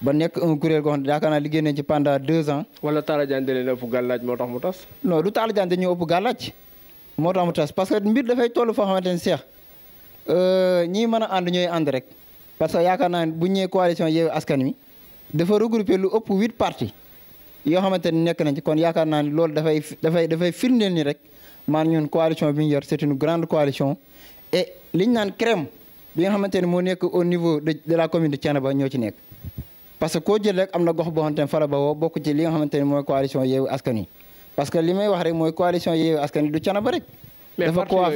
ba nekk un kuréel goo xam yaakaar naa liggéey nañ ci pendant deux ans. wala Talla Diagne da leen ëpp moo tax mu tas. non du Talla Diagne dañoo ëpp gàllaaj moo tax mu tas parce que mbir dafay toll foo xamante ni seex euh, ñii mën a ànd ñooy ànd rek. parce que yaakaar naa ne bu ñëwee coalition Yewwi Askan Wi dafa regrouper lu ëpp huit partis yoo xamante ni nekk nañ ci kon yaakaar naa ne loolu dafay dafay dafay firndeel ni rek maan ñun coalition bi ñu yor c'est une grande coalition et liñ naan crème bi nga xamante ne moo nekk au niveau de de la commune de Thiénaba ñoo ci nekk parce que koo jël rek am na gox boo xamante ne fala ba woo bokk ci li nga xamante ne mooy coalition Yewwi Askan Wi parce que li may wax rek mooy coalition Yewwi Askan Wi du Thiénaba rek mais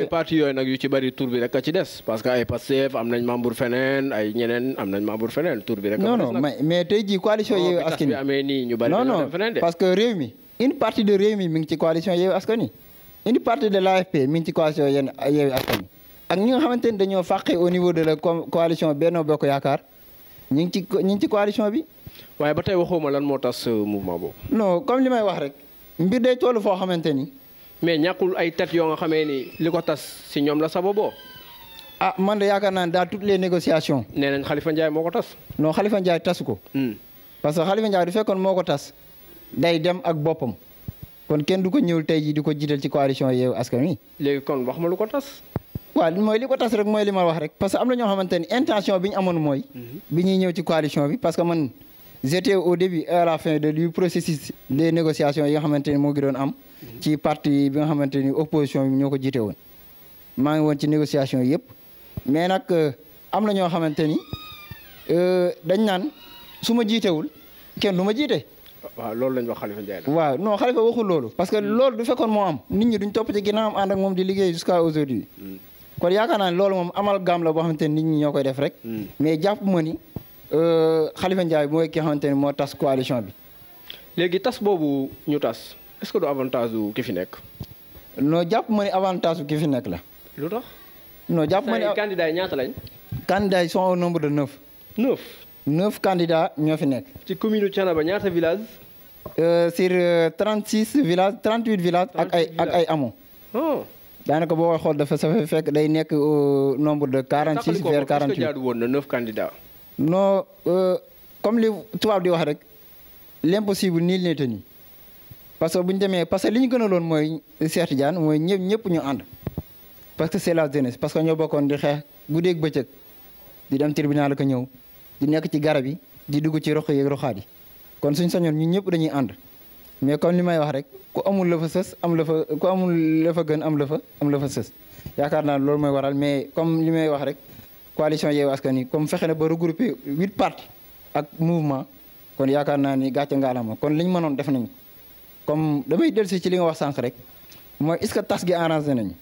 parti yooyu nag yu ci bari tur bi rek a ci des parce que ay Pastef am nañ membre feneen ay ñeneen am nañ membre feneen tur bi rek. non non mais mais tey jii coalition Yewwi Askan Wi amee nii ñu bari non non parce que Rewmi mi ngi ci coalition Yewwi Askan Wi une partie de l'AFP mi ngi ci coalition yenn Yewwi Askan Wi ak ñi nga xamante ni dañoo fàqe au niveau de la coalition Benno Bokk Yaakaar ñu ngi ci ñu ngi ci coalition bi. waaye ba tey waxuma lan moo tas euh, mouvement boobu. non comme li may wax rek mbir day toll foo xamante ni. mais ñàkkul ay tet yoo nga xamee ni li ko tas si ñoom la sababoo. ah man de yaakaar naa ne daal toutes les négociations. nee nañ Khalifa Ndiaye moo ko tas. non Khalifa Ndiaye tasu ko. Hmm. parce que Khalifa Ndiaye du fekkoon moo ko tas. day dem ak boppam. kon kenn du ko ñëwul tey jii di ko jiital ci coalition Yewwi Askan Wi. léegi kon wax ma lu ko tas. waaw mooy li ko tas rek mooy li ma wax rek parce que am na ñoo xamante ni intention bi ñu amoon mooy. Hmm. bi ñëw ci coalition bi parce que man j'étais au début à la fin de du processus yi nga xamante ni moo ngi doon am. ci parti bi nga xamante ni opposition bi ñoo ko jiite woon maa ngi woon ci négociation yëpp mais nag euh, am na ñoo xamante ni euh, dañ naan su ma jiitewul kenn du ma jiite. waaw loolu lañ wax Khalifa Ndiaye la. waaw non Khalifa waxul loolu. parce que hmm. loolu du fekkoon moo am nit ñi duñ topp ci ginnaawam ànd ak moom di liggéey jusqu'à aujourd'hui hmm. kon yaakaar naa ne loolu moom amal gaam la boo xamante ni nit ñi ñoo koy def rek. Hmm. mais jàpp ma ni euh, Khalifa Ndiaye mooy ki nga moo tas coalition bi. léegi tas boobu ñu tas. est-ce que du avantage wu ki fi nekk. non jàpp ma avantage wu ki fi nekk la. lu tax. jàpp ma ni candidat yi ñaata lañ. candidats yi nombre de neuf. neuf. neuf ñoo fi nekk. ci commune nu Thiénaba ñaata village. Euh, sur euh, trente six villages trente huit villages. ak ay ak ay amoo. Oh. boo koy dafa safe fekk day nekk au de quarante six vers quarante huit. jaadu woon na neuf euh, li tubaab di wax rek l'impossible nul n'est tenu. parce que bu ñu demee parce que li ñu gënaloon mooy Cheikh jaan mooy ñëpp ñëpp ñu ànd parce que c'est la jeunesse parce que ñoo bokkoon di xeex guddeeg bëccëg di dem tribunal ko ñëw di nekk ci garab yi di dugg ci rox yeeg roxaat yi kon suñ sañoon ñun ñëpp dañuy ànd mais comme li may wax rek ku amul la fa sës am la fa ko amul la fa gën am la fa am la fa sës yaakaar naa loolu mooy waral mais comme li may wax rek coalition Yewwi Askan Wi comme fexe na ba regroupé huit partis ak mouvement kon yaakaar naa ni gàcce ngaalama kon li ñu mënoon def nañu comme damay dellusi ci li nga wax sànq rek mooy est-ce que tas gi arrangé nañu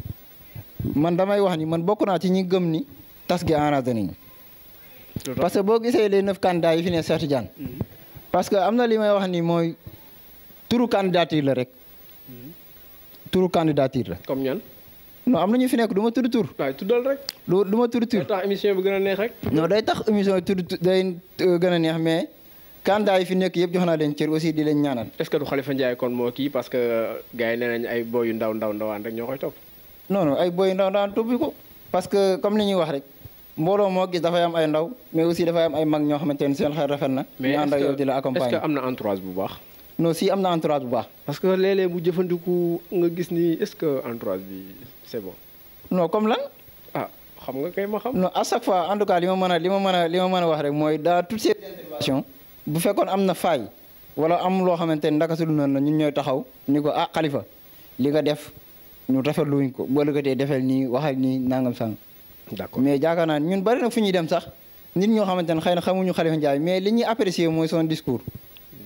man damay wax ni man bokk naa ci ñi gëm ni tas gi arrangé nañu. parce que boo gisee les neuf candidats yi fi ne Cheikh Tidiane. Mm-hmm. parce que am na lii may wax ni mooy turu candidature la rek. Mm-hmm. turu candidature la. comme ñan. non am na ñu fi nekk du ma tur. waaye tuddal rek. du du ma tudd tur. day émission bi gën a rek. non day tax émission bi day euh, gën a neex mais. candidat yi fi nekk yëpp jox naa leen cër aussi di leen ñaanal. est-ce que du Khalifa Ndiaye kon moo kii parce que gars yi nee nañ ay boy yu ndaw ndaw ndawaan rek ñoo koy topp. non non ay boy yu ndaw ndawaan parce que comme li ñuy wax rek mbooloo moo gis dafay am ay ndaw mais aussi dafay am ay mag ñoo xamante ne seen xel rafet na. mais est-ce que am na entourage bu baax. non si am na entourage bu baax. parce que léeg-léeg bu jëfandiku nga gis ni est-ce que entourage bi c'est bon. non comme lan. ah xam nga kay ma xam. non à en tout cas li a li ma mën a li ma mën a wax rek mooy dans toutes bu fekkoon am na faay wala am loo xamante ni ndaka su dul noonu la ñun ñooy taxaw ni ko a ah, xalifa li nga def ñu lu wuñ ko boo lëkkatee defel nii waxal nii nangam sang d'accord mais jaakaar naa ñun bari na fu ñu dem sax nit ñoo xamante ne xëy na xamuñu Khalifa Ndiaye mais li ñuy apprécier mooy son discours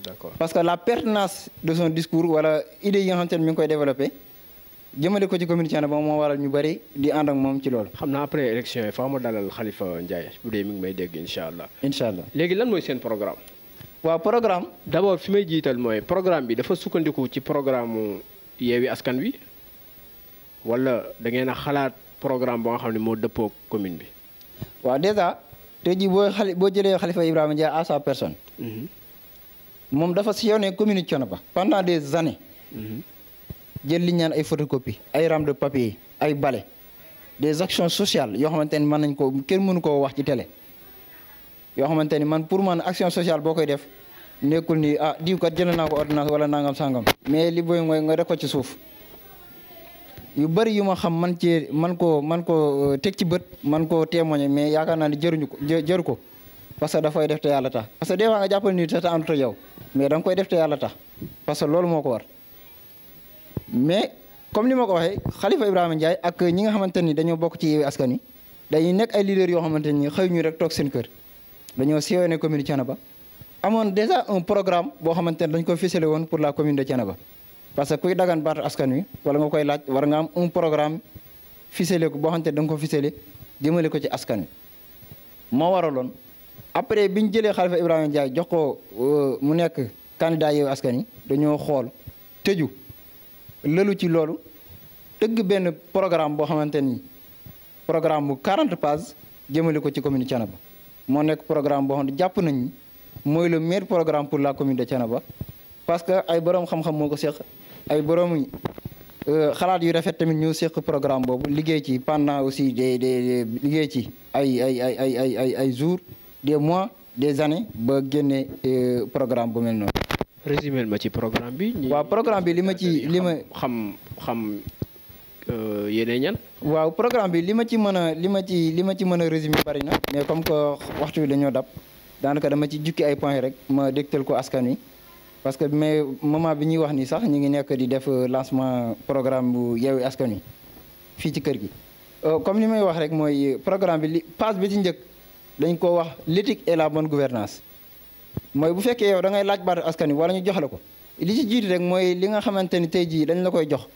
d'accord parce que la pertinence de son discours wala idée yi nga xamante ne ngi koy développé jëmale ko ci commune Thiénaba moom waral ñu bari di ànd ak moom ci loolu. xam naa après élection yi faa ma dalal Khalifa Ndiaye bu léegi lan mooy seen programme. waaw programme d'abord fi may jiital mooy programme bi dafa sukkandiku ci programme yeewi askan wi wala da ngeen a xalaat programme boo nga xam ne moo dëppoo commune bi. waaw déjà tey jii boo xali boo jëlee Khalifa Ibrahima Dia à sa personne. Mhm. moom dafa si sillonné commune Thiénaba pendant des années. Mhm. jël li ñaan ay photocopie ay rames de papier ay bale des actions sociales yoo xamante ne mën nañ ko kenn mënu koo wax ci télé. yoo xamante ni man pour man action sociale boo koy def nekkul ni ah diw kat jël naa ko ordonnance wala nangam sangam mais li booy mooy nga def ko ci suuf yu bëri yu ma xam man cee man koo man koo euh, teg ci bët man koo témoigner mais yaakaar naa ne jëruñu ko jëru ko parce que dafay def te yàlla tax parce que des fois nga jàppal ni te ta àndut ak yow mais da koy def te yàlla tax parce que loolu moo ko war mais comme ni ma ko waxee Khalifa Ibrahima Ndiaye ak ñi nga xamante ni dañoo bokk ci Yewwi Askan Wi dañuy nekk ay leaders yoo xamante ni xëy ñu rek toog kër dañoo sillonné commune Thiénaba amoon déjà un programme boo xamante ne dañ ko ficelé woon pour la commune de Thiénaba parce que kuy dagaan baatu askan wi wala nga koy laaj war nga am un programme ficelé ko boo xamante ne da nga ko ficelé jëmale ko ci askan wi moo waraloon après bi ñu jëlee Khalifa Ibrahima Ndiaye jox ko euh, mu nekk candidat Askan Wi dañoo xool tëju lëlu ci loolu tëgg benn programme boo xamante ni programme bu 40 pages jëmale ko ci commune Thiénaba moo nekk programme boo xam jàpp nañ mooy le meilleur programme pour la commune de Thiénaba parce que ay borom xam-xam moo ko seq ay borom euh, xalaat yu rafet tamit ñu seq programme boobu liggéey ci pendant aussi des des liggéey ci ay ay ay ay ay ay ay jours des mois des années ba génne euh, programme bu mel noonu. résumé ma ci programme bi. waaw programme bi li ma ci li ma xam xam. Euh, yéenay ñan. waaw programme bi li ma ci mën a li ma ci li ma ci mën a résumé bari na mais comme que waxtu bi dañoo dab daanaka dama ci jukki ay points rek ma dégtal ko askan wi parce que mais moment bi ñuy wax ni sax ñu ngi nekk di def euh, lancement programme bu Yewwi Askan Wi fii ci kër gi. Euh, comme li may wax rek mooy programme bi li phase bi ci njëkk dañ koo wax l'éthique et la bonne gouvernance mooy bu fekkee yow da ngay laaj baatu askan wi wala ñu jox la ko li ci jiit rek mooy li nga xamante ni tey jii dañ la koy jox.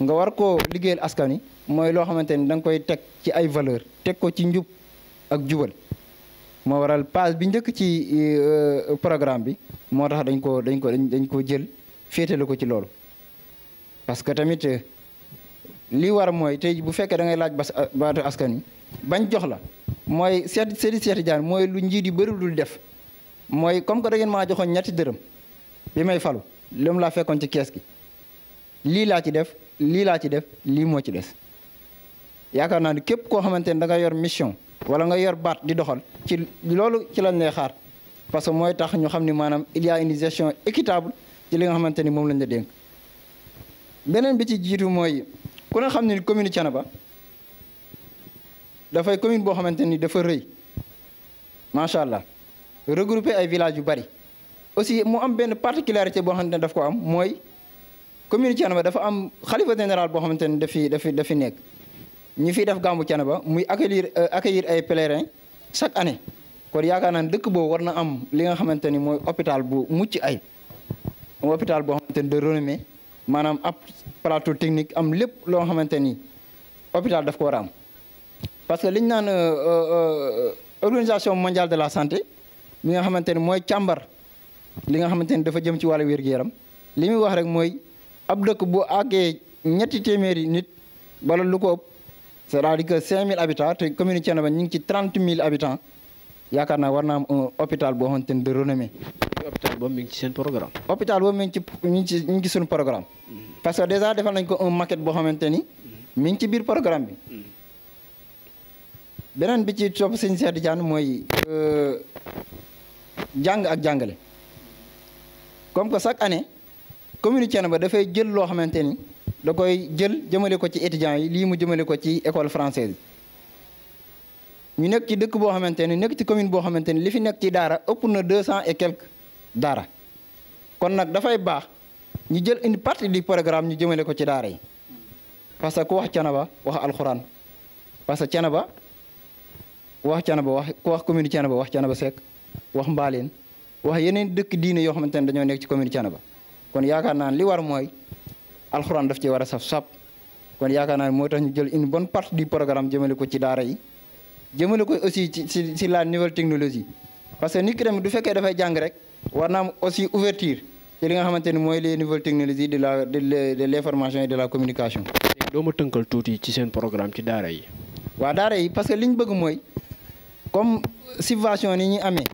nga war ko liggéeyal askan wi mooy loo xamante ni da nga koy teg ci ay valeur teg ko ci njub ak jubal moo waral page bi njëkk ci euh, programme bi moo tax dañ ko dañ ko dañ ko jël féetale ko ci loolu parce que tamit euh, li war mooy tey bu fekkee da ngay laaj bas euh, baatu askan wi bañ jox la mooy seet seeti seeti jaan mooy lu njiit yu bëri dul def mooy comme que da ngeen maa joxoon ñetti dërëm bi may falu li laa fekkoon ci kees gi lii laa ci def lii laa ci def lii moo ci des yaakaar naa ne képp koo xamante ne da nga yor mission wala nga yor baat di doxal ci loolu ci lañ lay xaar parce que mooy tax ñu xam ni maanaam il y a gestion équitable ci li nga xamante ni moom lañ la dénk beneen bi ci jiitu mooy ku ne xam ne commune Thiénaba dafay commune boo xamante ni dafa rëy macha allah regrouper ay villages yu bari aussi mu am benn particularité boo xamante ne daf ko am mooy commune Thiénaba dafa am xalifa général boo xamante ne dafi dafi dafi nekk ñu fiy def gàmmu Thiénaba muy accueillir euh, accueillir ay pèlerins chaque année kon yaakaar naa dëkk boobu war na am li nga xamante ni mooy hôpital bu mucc ay hôpital boo xamante ni maanaam ab plateau technique am lépp loo xamante ni hôpital daf ko war a am parce que liñ ñu naan euh, euh, organisation mondiale de la santé bi nga xamante ni mooy càmbar li nga xamante ni dafa jëm ci wàllu wér-gu-yaram li muy wax rek mooy ab dëkk bu àggee ñetti téeméeri nit wala lu ko ëpp c'est-à-dire que 5000 habitants te commune Thiénaba ñu ngi ci 30 000 habitants yaakaar naa war naa am un hôpital boo xamante ni de mi ngi ci seen programme. hôpital boobu mi ngi ci mi ngi ci mi ngi ci suñu programme. Mm-hmm. parce que déjà defal nañ ko un maquette boo xamante ni. Mm-hmm. mi ngi ci biir programme bi. Mm-hmm. beneen bi ci topp sëñ Cheikh Tidiane mooy euh, jàng ak jàngale comme que chaque année. commune Thiénaba ba dafay jël loo xamante ni da koy jël jëmale ko ci étudiants yi lii mu jëmale ko ci école française ñu nekk ci dëkk boo xamante ni nekk ci commune boo xamante ni li fi nekk ci daara ëpp na deux cent et quelques daara kon nag dafay baax ñu jël une parti du programme ñu jëmale ko ci daara yi parce que ku wax Thiénaba wax alxuraan parce que Thiénaba ku wax Thiénaba wax ku wax commune Thiénaba wax Thiénaba Seck wax Mbaleen wax yeneen dëkk diine yoo xamante ne dañoo nekk ci commune Thiénaba kon yaakaar naa li war mooy alxuraan daf ci war a saf sap kon yaakaar naa moo tax ñu jël une bonne partie du programme jëmale ko ci daara yi jëmale ko aussi ci ci ci la nouvelle technologie parce que nit ki du fekkee dafay jàng rek war na aussi ouverture li nga xamante ni mooy les nouvelles technologies de la de l' information et la communication. doo ma tënkal tuuti ci seen programme ci daara yi. waa daara yi parce que li ñu bëgg mooy comme subvention ni ñuy amee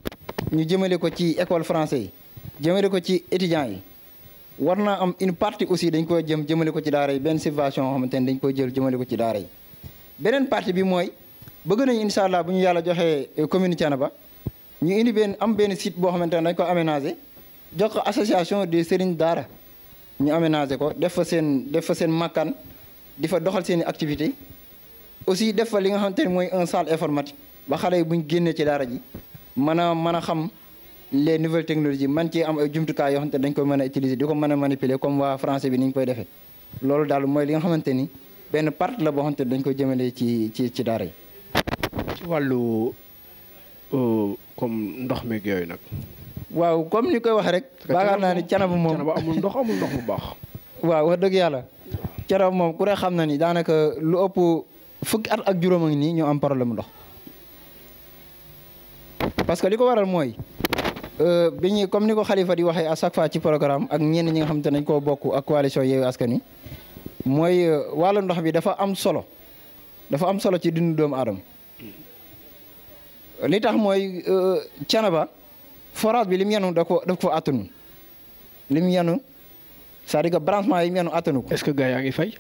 ñu jëmale ko ci école français yi jëmale ko ci étudiants yi. war naa am une partie aussi dañ koy jëm jëmale ko ci daara yi benn subvention yoo xamante dañ koy jël jëmale ko ci daara beneen partie bi mooy bëgg nañu incha allah bu ñu yàlla joxee euh, commune ba ñu indi benn am benn site boo xamante ne dañ ko aménagé jox ko association des sëriñ daara ñu aménagé ko def fa seen def fa seen makkaan di fa doxal seen i activité aussi def fa li nga xamante mooy un salle informatique ba xale yi buñ ñu génnee ci daara ji mën xam les nouvelles technologies man ci am ay jumtukaay yoo xamante dañ ko mën a utiliser di ko mën a manipuler comme waa français bi ni koy defee loolu daal mooy li nga xamante ni benn part la boo dañ ko jëmale ci ci ci daara yi. wàllu euh, comme ndox meeg yooyu nag. waaw comme ni koy wax rek. baagaar naa ni canaba moom canaba amul ndox amul ndox bu baax. waaw wax dëgg yàlla canaba moom ku ne xam na ni daanaka lu ëpp fukk at ak juróom ak nii ñoo am problème ndox parce que li ko waral mooy. bi ñu comme ni ko xalifa di waxee a chaque fois ci programme ak ñenn ñi nga xam te nañ koo bokk ak coalition Yewwi Askan Wi mooy euh, wàllu ndox bi dafa am solo dafa am solo ci dundu doomu aadama li tax mooy euh, Thiénaba forage bi li mu yenu da ko daf ko attanu li mu yenu c'est-à-dire que branchement yi mu attanu ko. est-ce que gars yaa ngi fay.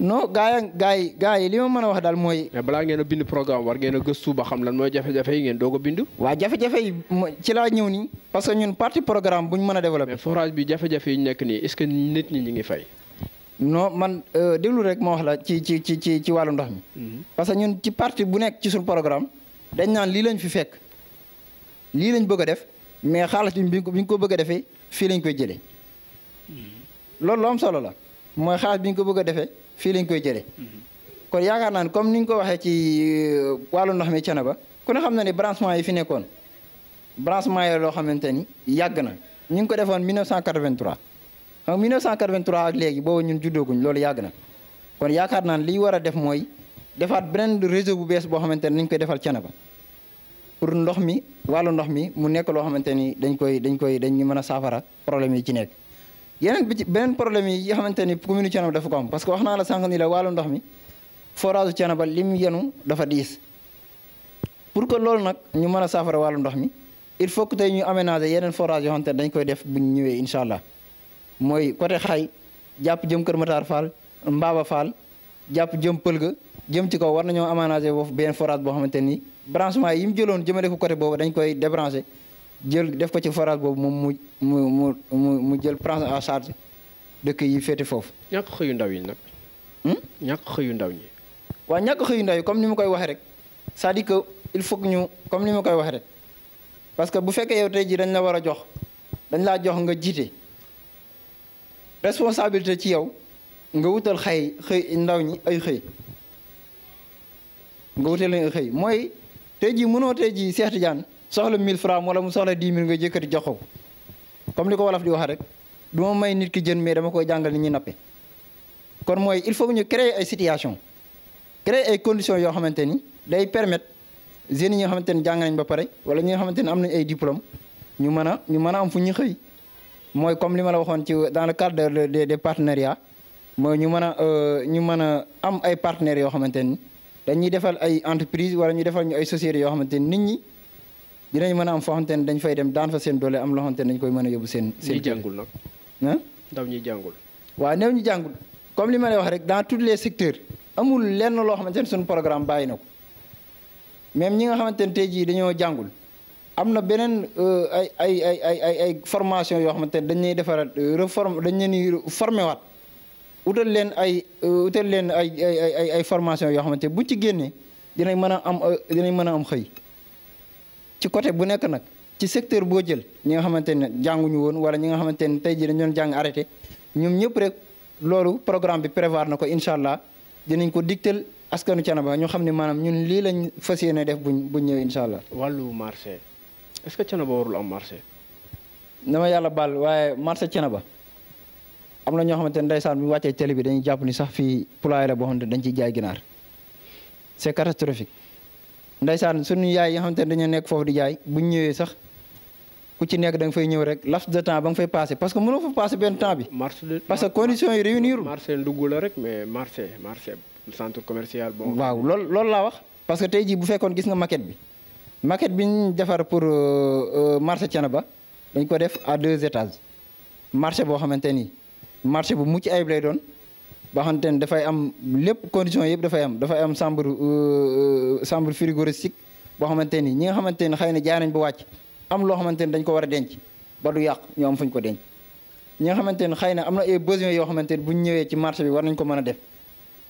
non gaa yi gaa yi gaa yi li ma mën a wax daal mooy. mais balaa ngeen a bind programme war ngeen a gëstu ba xam lan mooy jafe-jafe yi ngeen doog a bind. waaw jafe-jafe yi ci laa ñëw nii. parce que ñun parti programme bu ñu mën a développé. mais forage bi jafe-jafe yi ñu nekk nii est-ce que nit ñi ñu ngi fay. non man euh, déglu rek ma wax la ci ci ci ci ci wàllu ndox mi. Mhm. parce que ñun ci parti bu nekk ci suñu programme. dañ naan lii lañ fi fekk lii lañ bëgg a def mais xaalis bi bi ñu ko bëgg a defee fii lañ koy jëlee. Mhm. loolu lu am solo la mooy xaalis bi ñu ko bëgg a defee fii lañ koy jëlee kon yaakaar naa ne comme ni ñu ko waxee ci euh, wàllu ndox mi Thiénaba ku ne xam na ne branchement yi fi nekkoon branchement yi loo xamante ni yàgg na ñu ngi ko defoon 1983 xam 1983 ak léegi boobu ñun juddooguñ loolu yàgg na kon yaakaar naa ne li war a def mooy defaat beneen réseau bu bees boo xamante ni nañ koy defal Thiénaba pour ndox mi wàllu ndox mi mu nekk loo xamante ni dañ koy dañ koy dañ mën a saafara problème yi ci nekk yeneen bi ci beneen problème yi nga xamante ni commune Thiénaba dafa ko am parce que wax naa la sànq ni la wàllu ndox mi forage Thiénaba li mu yenu dafa diis pour que loolu nag ñu mën a saafara wàllu ndox mi il faut que tey ñu aménager yeneen forage yoo xamante dañ koy def bu ñu ñëwee incha allah mooy côté xay jàpp jëm Kër Matar Fall Mbaba Fall jàpp jëm Pëlga jëm ci kaw war nañoo aménager foofu benn forage boo xamante ni branchement yi mu jëloon jëmale ko côté boobu dañ koy débrancher jël def ko ci forage boobu moom mu mu mu mu jël prendre en charge dëkk yi féete foofu. ñàkk xëyu ndaw yi nag. Hmm? ñàkk xëyu ndaw ñi. waaw ñàkk xëyu ndaw yi comme ni ma koy waxee rek cest à que il faut ñu comme ni ma koy waxee rek parce que bu fekkee yow tey ji dañ la war a jox dañ laa jox nga jiite responsabilité ci yow nga wutal xay xëy ndaw ñi ay xëy nga wutal leen ay xëy mooy tey jii mënoo ji jii Cheikh Tidiane soxla 1000 francs wala mu soxla 10 000 nga jëkkati jox ko comme li ko wolof di wax rek du may nit ki jën mais dama koy jàngal ni ñuy nappe kon mooy il faut que ñu créer ay situation créer ay conditions yoo xamante ni day permettre jeunes yi nga xamante ni jàng ba pare wala ñi nga xamante ni am nañ ay diplôme ñu mën a ñu mën a am fu ñu xëy mooy comme li ma la waxoon ci dans le cadre de des des mooy ñu mën a euh, ñu mën a am ay partenaires yoo xamante ni dañuy defal ay entreprises wala ñu defal ñu ay sociétés yoo xamante ni nit ñi. dinañ mën a am foo xamante dañ fay dem daan seen doole am loo xamante koy mën a yóbbu seen seen ñi jàngul nag jàngul waaw néew ñu jàngul comme li ma lay wax rek dans les secteurs amul lenn loo xamante ne suñu programme bàyyi na ñi nga xamante ne tey jii dañoo jàngul am na beneen euh, ay ay ay ay ay ay formation yoo xamante ne dañ lay defaraat euh, réforme dañ leen di formé waat utal leen ay euh, utal leen ay ay ay ay formation yoo xamante ne bu ci génnee dinañ mën a am dinañ mën a am xëy ci côté bu nekk nag ci secteur boo jël ñi nga xamante ne jànguñu woon wala ñi nga xamante ne tey jii dañu doon jàng arrêté ñoom ñëpp rek loolu programme bi prévoir na ko incha allah dinañ ko digtal askanu Thiénaba ñu xam ne maanaam ñun lii lañ fas yéene def buñ buñ ñëwee incha allah. wàllu marché est-ce que Thiénaba warul am marché. dama yàlla baal waaye marché Thiénaba am na ñoo xamante ne ndeysaan bu wàccee télé bi dañuy jàpp ni sax fi poulailler la boo dañ ciy jaay ginaar c'est catastrophique. ndaysaan suñu yaay yi nga xamante ne dañoo nekk foofu di jaay buñ ñëwee sax ku ci nekk danga nga fay ñëw rek laps de temps ba nga fay passé parce que mënoo fa passé benn temps bi. parce que conditions yi réunir. marché ndugg la rek mais marché marché centre commercial. bon waaw loolu loolu laa wax. que tey jii bu fekkoon gis nga maquette bi maquette bi ñu defar pour euh, euh, marché ba dañ ko def à deux étages marché boo xamante ni marché bu mucc ayib lay doon. ba xamante ne dafay am lépp condition yëpp dafay am dafay am chambre euh, euh, chambre frigorifique boo xamante ni ñi nga xamante ne xëy na jaay nañ ba wàcc am loo xamante ne dañ ko war a denc ba du yàq ñu am ko denc ñi xamante ne xëy na am na ay besoins yoo xamante ne bu ñu ñëwee ci marché bi war nañ ko mën a def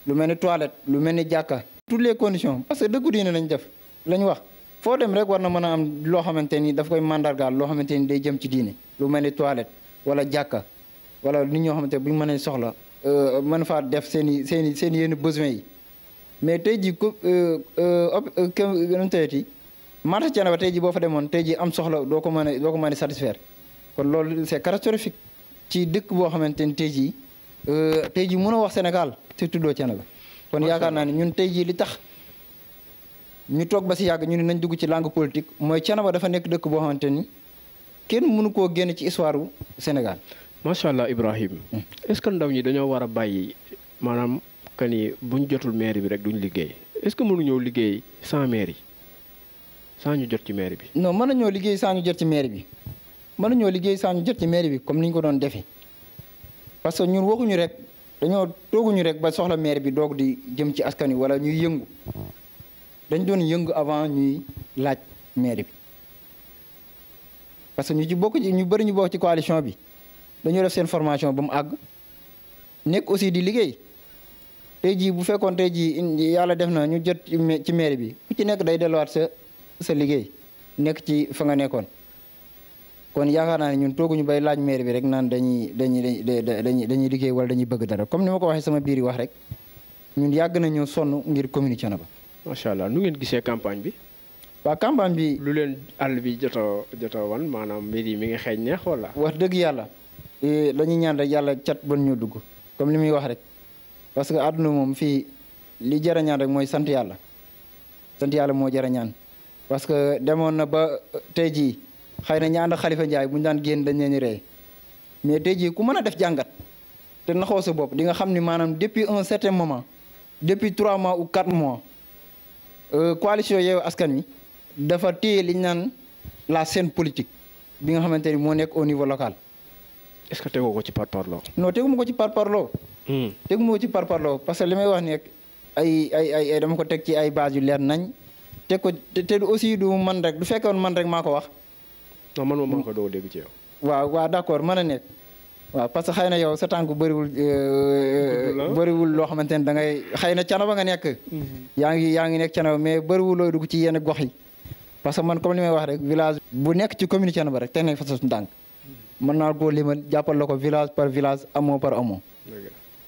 lu mel ni toilette lu mel ni jàkka tout les conditions parce que dëkku diine lañ def lañ wax foo dem rek war na mën a am loo xamante ni daf koy mandargaal loo xamante ni day jëm ci diine lu mel ni toilette wala jàkka wala nit ñoo xamante ne bu ñu mënee soxla Euh, man faa def seen i seen seen yenn besoin yi mais tey jii ku euh, euh, nu mu tëjee marché Thiénaba tey jii boo fa demoon tey jii am soxla doo ko mën a doo ko mën a satisfaire kon loolu c'est catastrophique ci dëkk boo xamante ni tey jii tey jii mënoo wax Sénégal te tuddoo Thiénaba kon yaakaar naa ne ñun tey jii li tax ñu toog ba si yàgg ñu ne nañ dugg ci langue politique mooy Thiénaba dafa nekk dëkk boo xamante ni kenn mënu koo génn ci histoire wu Sénégal. macha allah Ibrahim mm. est ce que ndaw ñi dañoo war a bàyyi maanaam que ni buñ jotul mairie bi rek duñu liggéey est ce que mënuñoo liggéey sans mairie sans ñu jot ci mairie bi. non mën nañoo liggéey saa ñu jot ci mairie bi mën nañoo liggéey sans jot ci mairie bi comme ni ñu ko doon defee parce que ñun waxuñu rek dañoo tooguñu rek ba soxla mairie bi doog di jëm ci askan wi wala ñuy yëngu dañ doon yëngu avant ñuy laaj mairie bi parce que ñu ci bokk ñu bëri ñu bokk ci coalition bi. dañoo def seen formation ba mu àgg nekk aussi di liggéey tey jii bu fekkoon tey jii yàlla def na ñu jot ci mairie bi ku ci nekk day delluwaat sa sa liggéey nekk ci fa nga nekkoon kon yaakaar naa ne ñun tooguñu bay laaj mairie bi rek naan dañuy dañuy dañuy dañuy liggéey wala dañuy bëgg dara comme ni ma ko waxee sama biir yi wax rek ñun yàgg nañu sonn ngir na Thiénaba. macha allah nu ngeen gisee campagne bi. waa campagne bi. lu leen àll bi jot a jot a wan maanaam mbir yi mi ngi xeeñ neex wala. wax dëgg yàlla. Eh, la ñuy ñaan rek yàlla cat ban ñu dugg comme li muy wax rek parce que adduna moom fii li jar ñaan rek mooy sant yàlla sant yàlla moo jar ñaan parce que demoon na ba tey jii xëy na ñaan xalifa Ndiaye bu ñu daan génn dañ leen rey mais tey jii ku mën a def jàngat te naxoo sa bopp di nga xam ni maanaam depuis un certain moment depuis trois mois ou quatre mois euh, coalition Yewwi Askan Wi dafa téye li naan la scène politique bi nga xamante ni moo nekk au niveau local. est ce que tegoo ko ci parparloo. non teguma ko ci parparloo. Hmm. teguma ko ci parce que li may wax nii rek ay ay dama ko teg ci ay base yu leer nañ. te ko te aussi du man rek du fekkoon man rek maa ko wax. non man moom ko doo dégg ci yow. waaw waaw d' accord mën a nekk. waaw parce que xay na yow sa tànk bëriwul. Euh, ah. bëriwul loo xamante ne da ngay xëy na canaba nga nekk. Mm-hmm. yaa ngi yaa ngi nekk canaba mais bëriwul looy ci yenn gox yi. parce que man comme li wax rek village bu nekk ci commune canaba rek mën naa koo limal jàppal la ko village par village amoo par amoo.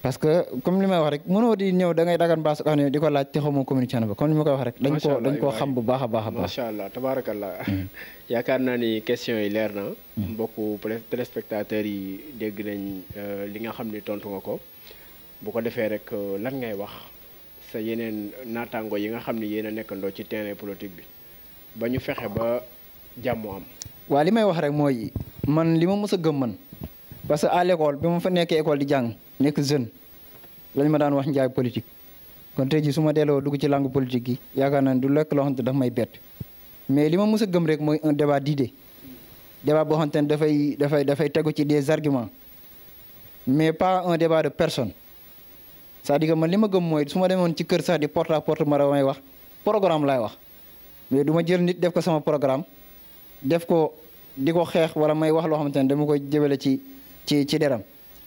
parce que comme li may wax rek mënoo di ñëw da ngay dagan baas wax ne di ko laaj te xamoo communication ba comme li ma koy wax rek. dañ koo dañ koo xam bu baax a baax a baax. macha allah tabaarakallah mm. yaakaar naa ni question yi leer na. Mm. mbokku téléspectateurs yi dégg nañ euh, li nga xam ni tontu nga ko bu ko defee rek euh, lan ngay wax sa yeneen naataango yi nga xam ni yéen a nekkandoo ci terrain politique bi ba ñu fexe ba jàmm am. waa li may wax rek mooy man li ma mës a gëm man parce que à l'école bi ma fa nekkee école di jàng nekk jeune lañ ma daan wax njaay politique kon tey jii su ma delloo dugg ci langue politique yi yaakaar na ne du lekk loo xamante daf may bett mais li ma mës a gëm rek mooy un débat d'idées débat boo xamante ne dafay dafay dafay tegu ci des arguments mais pas un débat de personne c'est-à-dire man li ma gëm mooy su ma demoon ci kër sax di porte à porte ma may wax programme laay wax mais du jël nit def ko sama programme def ko di ko xeex wala may wax loo xamante ne dama koy jëbale ci ci ci deram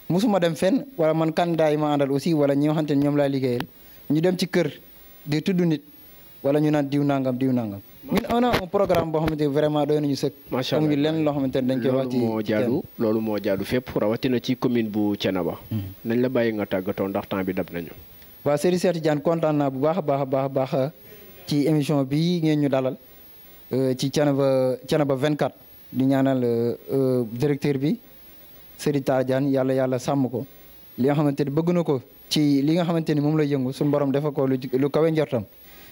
musuma dem fenn wala man candidat yi àndal aussi wala ñi waxante xamante ñoom laay liggéeyal ñu dem ci kër di tudd nit wala ñu naan diw nangam diw nangam. ñun on a un programme boo xamante ne vraiment doy nañu sëkk. macha allah amuñu lenn loo xamante dañ koy wax ci loolu moo jaadu loolu moo jaadu fépp rawatina ci commune bu ceena Thiénaba. Mhm. nañ la bàyyi nga tàggatoo ndax temps bi dab nañu. waaw Serigne Cheikh jaan kontaan naa bu baax a baax a baax baax ci émission bi ngeen ñu dalal. Euh, ci ba vingt 24 di ñaanal euh, euh, directeur bi Serigne Talla yàlla yàlla sàmm ko li nga xamante ni bëgg na ko ci li nga xamante ni moom lay yëngu suñu borom defa ko lu lu kawe njortam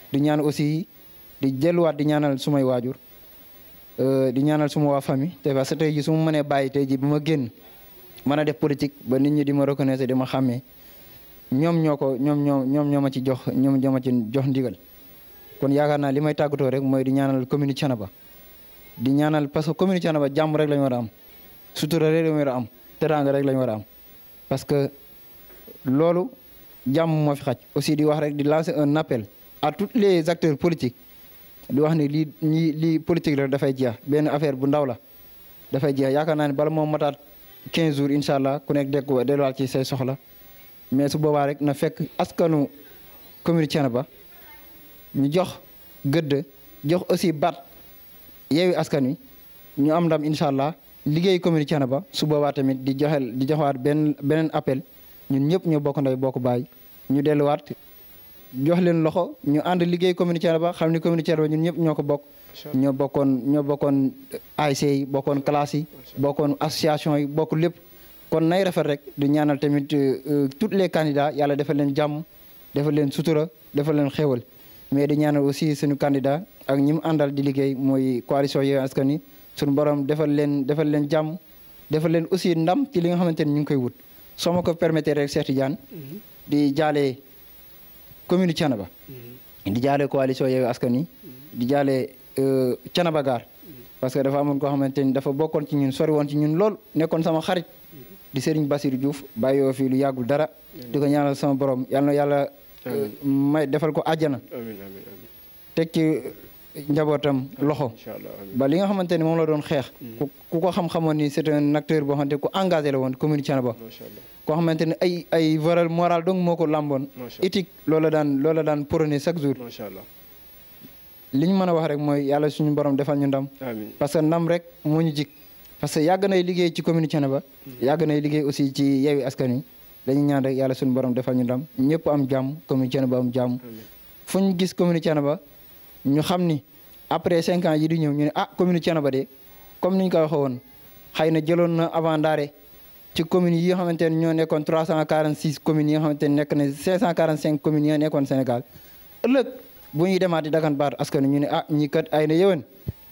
di ñaan aussi di delluwaat di ñaanal sumay waajur di ñaanal suma waa famille te parce que tey ji su ma mënee bàyyi tey ji bu ma génn mën a def politique ba nit ñi di ma reconnaître di ma xàmmee ñoom ñoo ko ñoom ñoo ñoom ñoo ma ci jox ñoom ñoo ma ci jox ndigal kon yaakaar naa li may tàggatoo rek mooy di ñaanal commune Thiénaba di ñaanal parce que commune ba jàmm rek la ñu war am sutura rek la ñu a am teraanga rek la war am parce que loolu jàmm moo fi xaj aussi di wax rek di lancer un nappel à tous les acteurs politiques di wax ni lii ñii lii politique rek dafay jeex benn affaire bu ndaw la dafay jeex yaakaar naa ne bala moom mataat 15 jours incha allah ku nekk dégg delluwaat ci say soxla mais su boobaa rek na fekk askanu commune Thiénaba ñu jox gëdd jox aussi baat yeewi askan wi ñu am ndam incha allah liggéey commune Thiénaba su boobaa tamit di joxel di joxaat benn beneen appel ñun ñëpp ñu bokk ndey bokk baay ñu delluwaat jox leen loxo ñu ànd liggéey commune ba xam ne commune Thiénaba ñun ñëpp ñoo ko bokk. ñoo bokkoon ñoo bokkoon ASC bokkoon classe yi. bokkoon association yi bokk lépp. kon nay rafet rek di ñaanal tamit euh, euh, toutes les candidats yàlla defal leen jàmm defal leen sutura defal leen xéewal. mais di ñaanal aussi suñu candidat ak ñi mu àndal di liggéey mooy coalition Yewwi Askan Wi suñu borom defal leen defal leen jàmm defal leen aussi ndam ci li nga xamante ni ñu ngi koy wut soo ma ko permettre rek Cheikh Tidiane mhm. di jaale commune Thiénaba mhm. di jaale coalition Yewwi Askan Wi mhm. di jaale euh, Thiénaba Gare parce que dafa amoon koo xamante ni dafa bokkoon ci ñun sori woon ci ñun lool nekkoon sama xarit di Serigne Bassirou Diouf bàyyoo fii lu yàggul dara di ko ñaanal sama Euh, may defal ko àjjana teg ci njabootam loxo ba li nga xamante ni moom la doon xeex mm. ku ko xam-xamoon ni c'est un acteur boo xamante ko engagé la woon commune Thiénaba koo xamante ne ay ay valeur morale donc moo ko làmboon éthique loola daan loola daan prôné chaque jour li ñu mën a wax rek mooy yàlla suñu borom defal ñu ndam parce que ndam rek moo ñu jik parce que yàgg nay liggéey ci commune ba mm. yàgg nay liggéey aussi ci Yewwi Askan Wi dañu ñaan rek yàlla suñu borom defal ñu ndam ñëpp am jàmm commune Thiénaba am jàmm fu ñu gis commune Thiénaba ñu xam ni après cinq ans yi di ñëw ñu ne ah commune Thiénaba de comme ñu ko waxee woon xëy na jëloon na avant daare ci communes yi nga xamante ne ñoo nekkoon trois cent quarante six communes yi nga xamante ne nekk na cinq cent quarante cinq communes yi nga nekkoon Sénégal bu ñuy demaat di dakan baatu askan ñu ne ah ñii kat ay na yéwén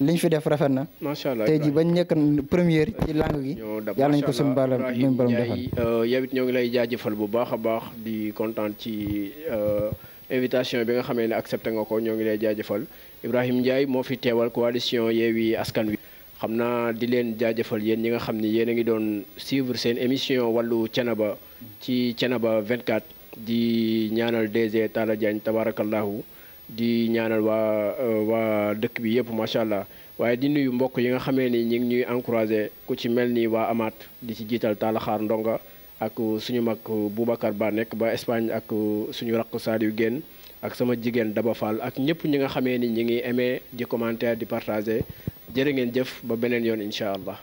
liñ fi def rafet na. macha allah tey bañ nekk première ci langue yi yàlla nañ ko suñu baal nañ borom defal euh, yow it ñoo ngi lay jaajëfal bu baax a baax di kontaan ci euh, invitation bi nga xamee ne accepté nga ko ñoo ngi lay jaajëfal Ibrahima Ndiaye moo fi teewal coalition Yewwi Askan Wi. xam naa di leen jaajëfal yéen ñi nga xam ni yéen a ngi doon suivre seen émission wàllu Thiénaba ci Thiénaba 24 di ñaanal DG Talla Diagne tabarakallahu di ñaanal waa euh, waa dëkk bi yëpp macha allah waaye di nuyu mbokk yi nga xamee ni ñi ngi ñuy encouragé ku ci mel ni waa amaat di ci jiital taalaxaar ndonga ak suñu mag Boubacar Ba nekk ba Espagne ak suñu rakk Sadio génn ak sama jigéen Daba Fall ak ñëpp ñi nga xamee ni ñu ngi aimé di commentaire di partagé jërë ngeen jëf ba beneen yoon incha allah.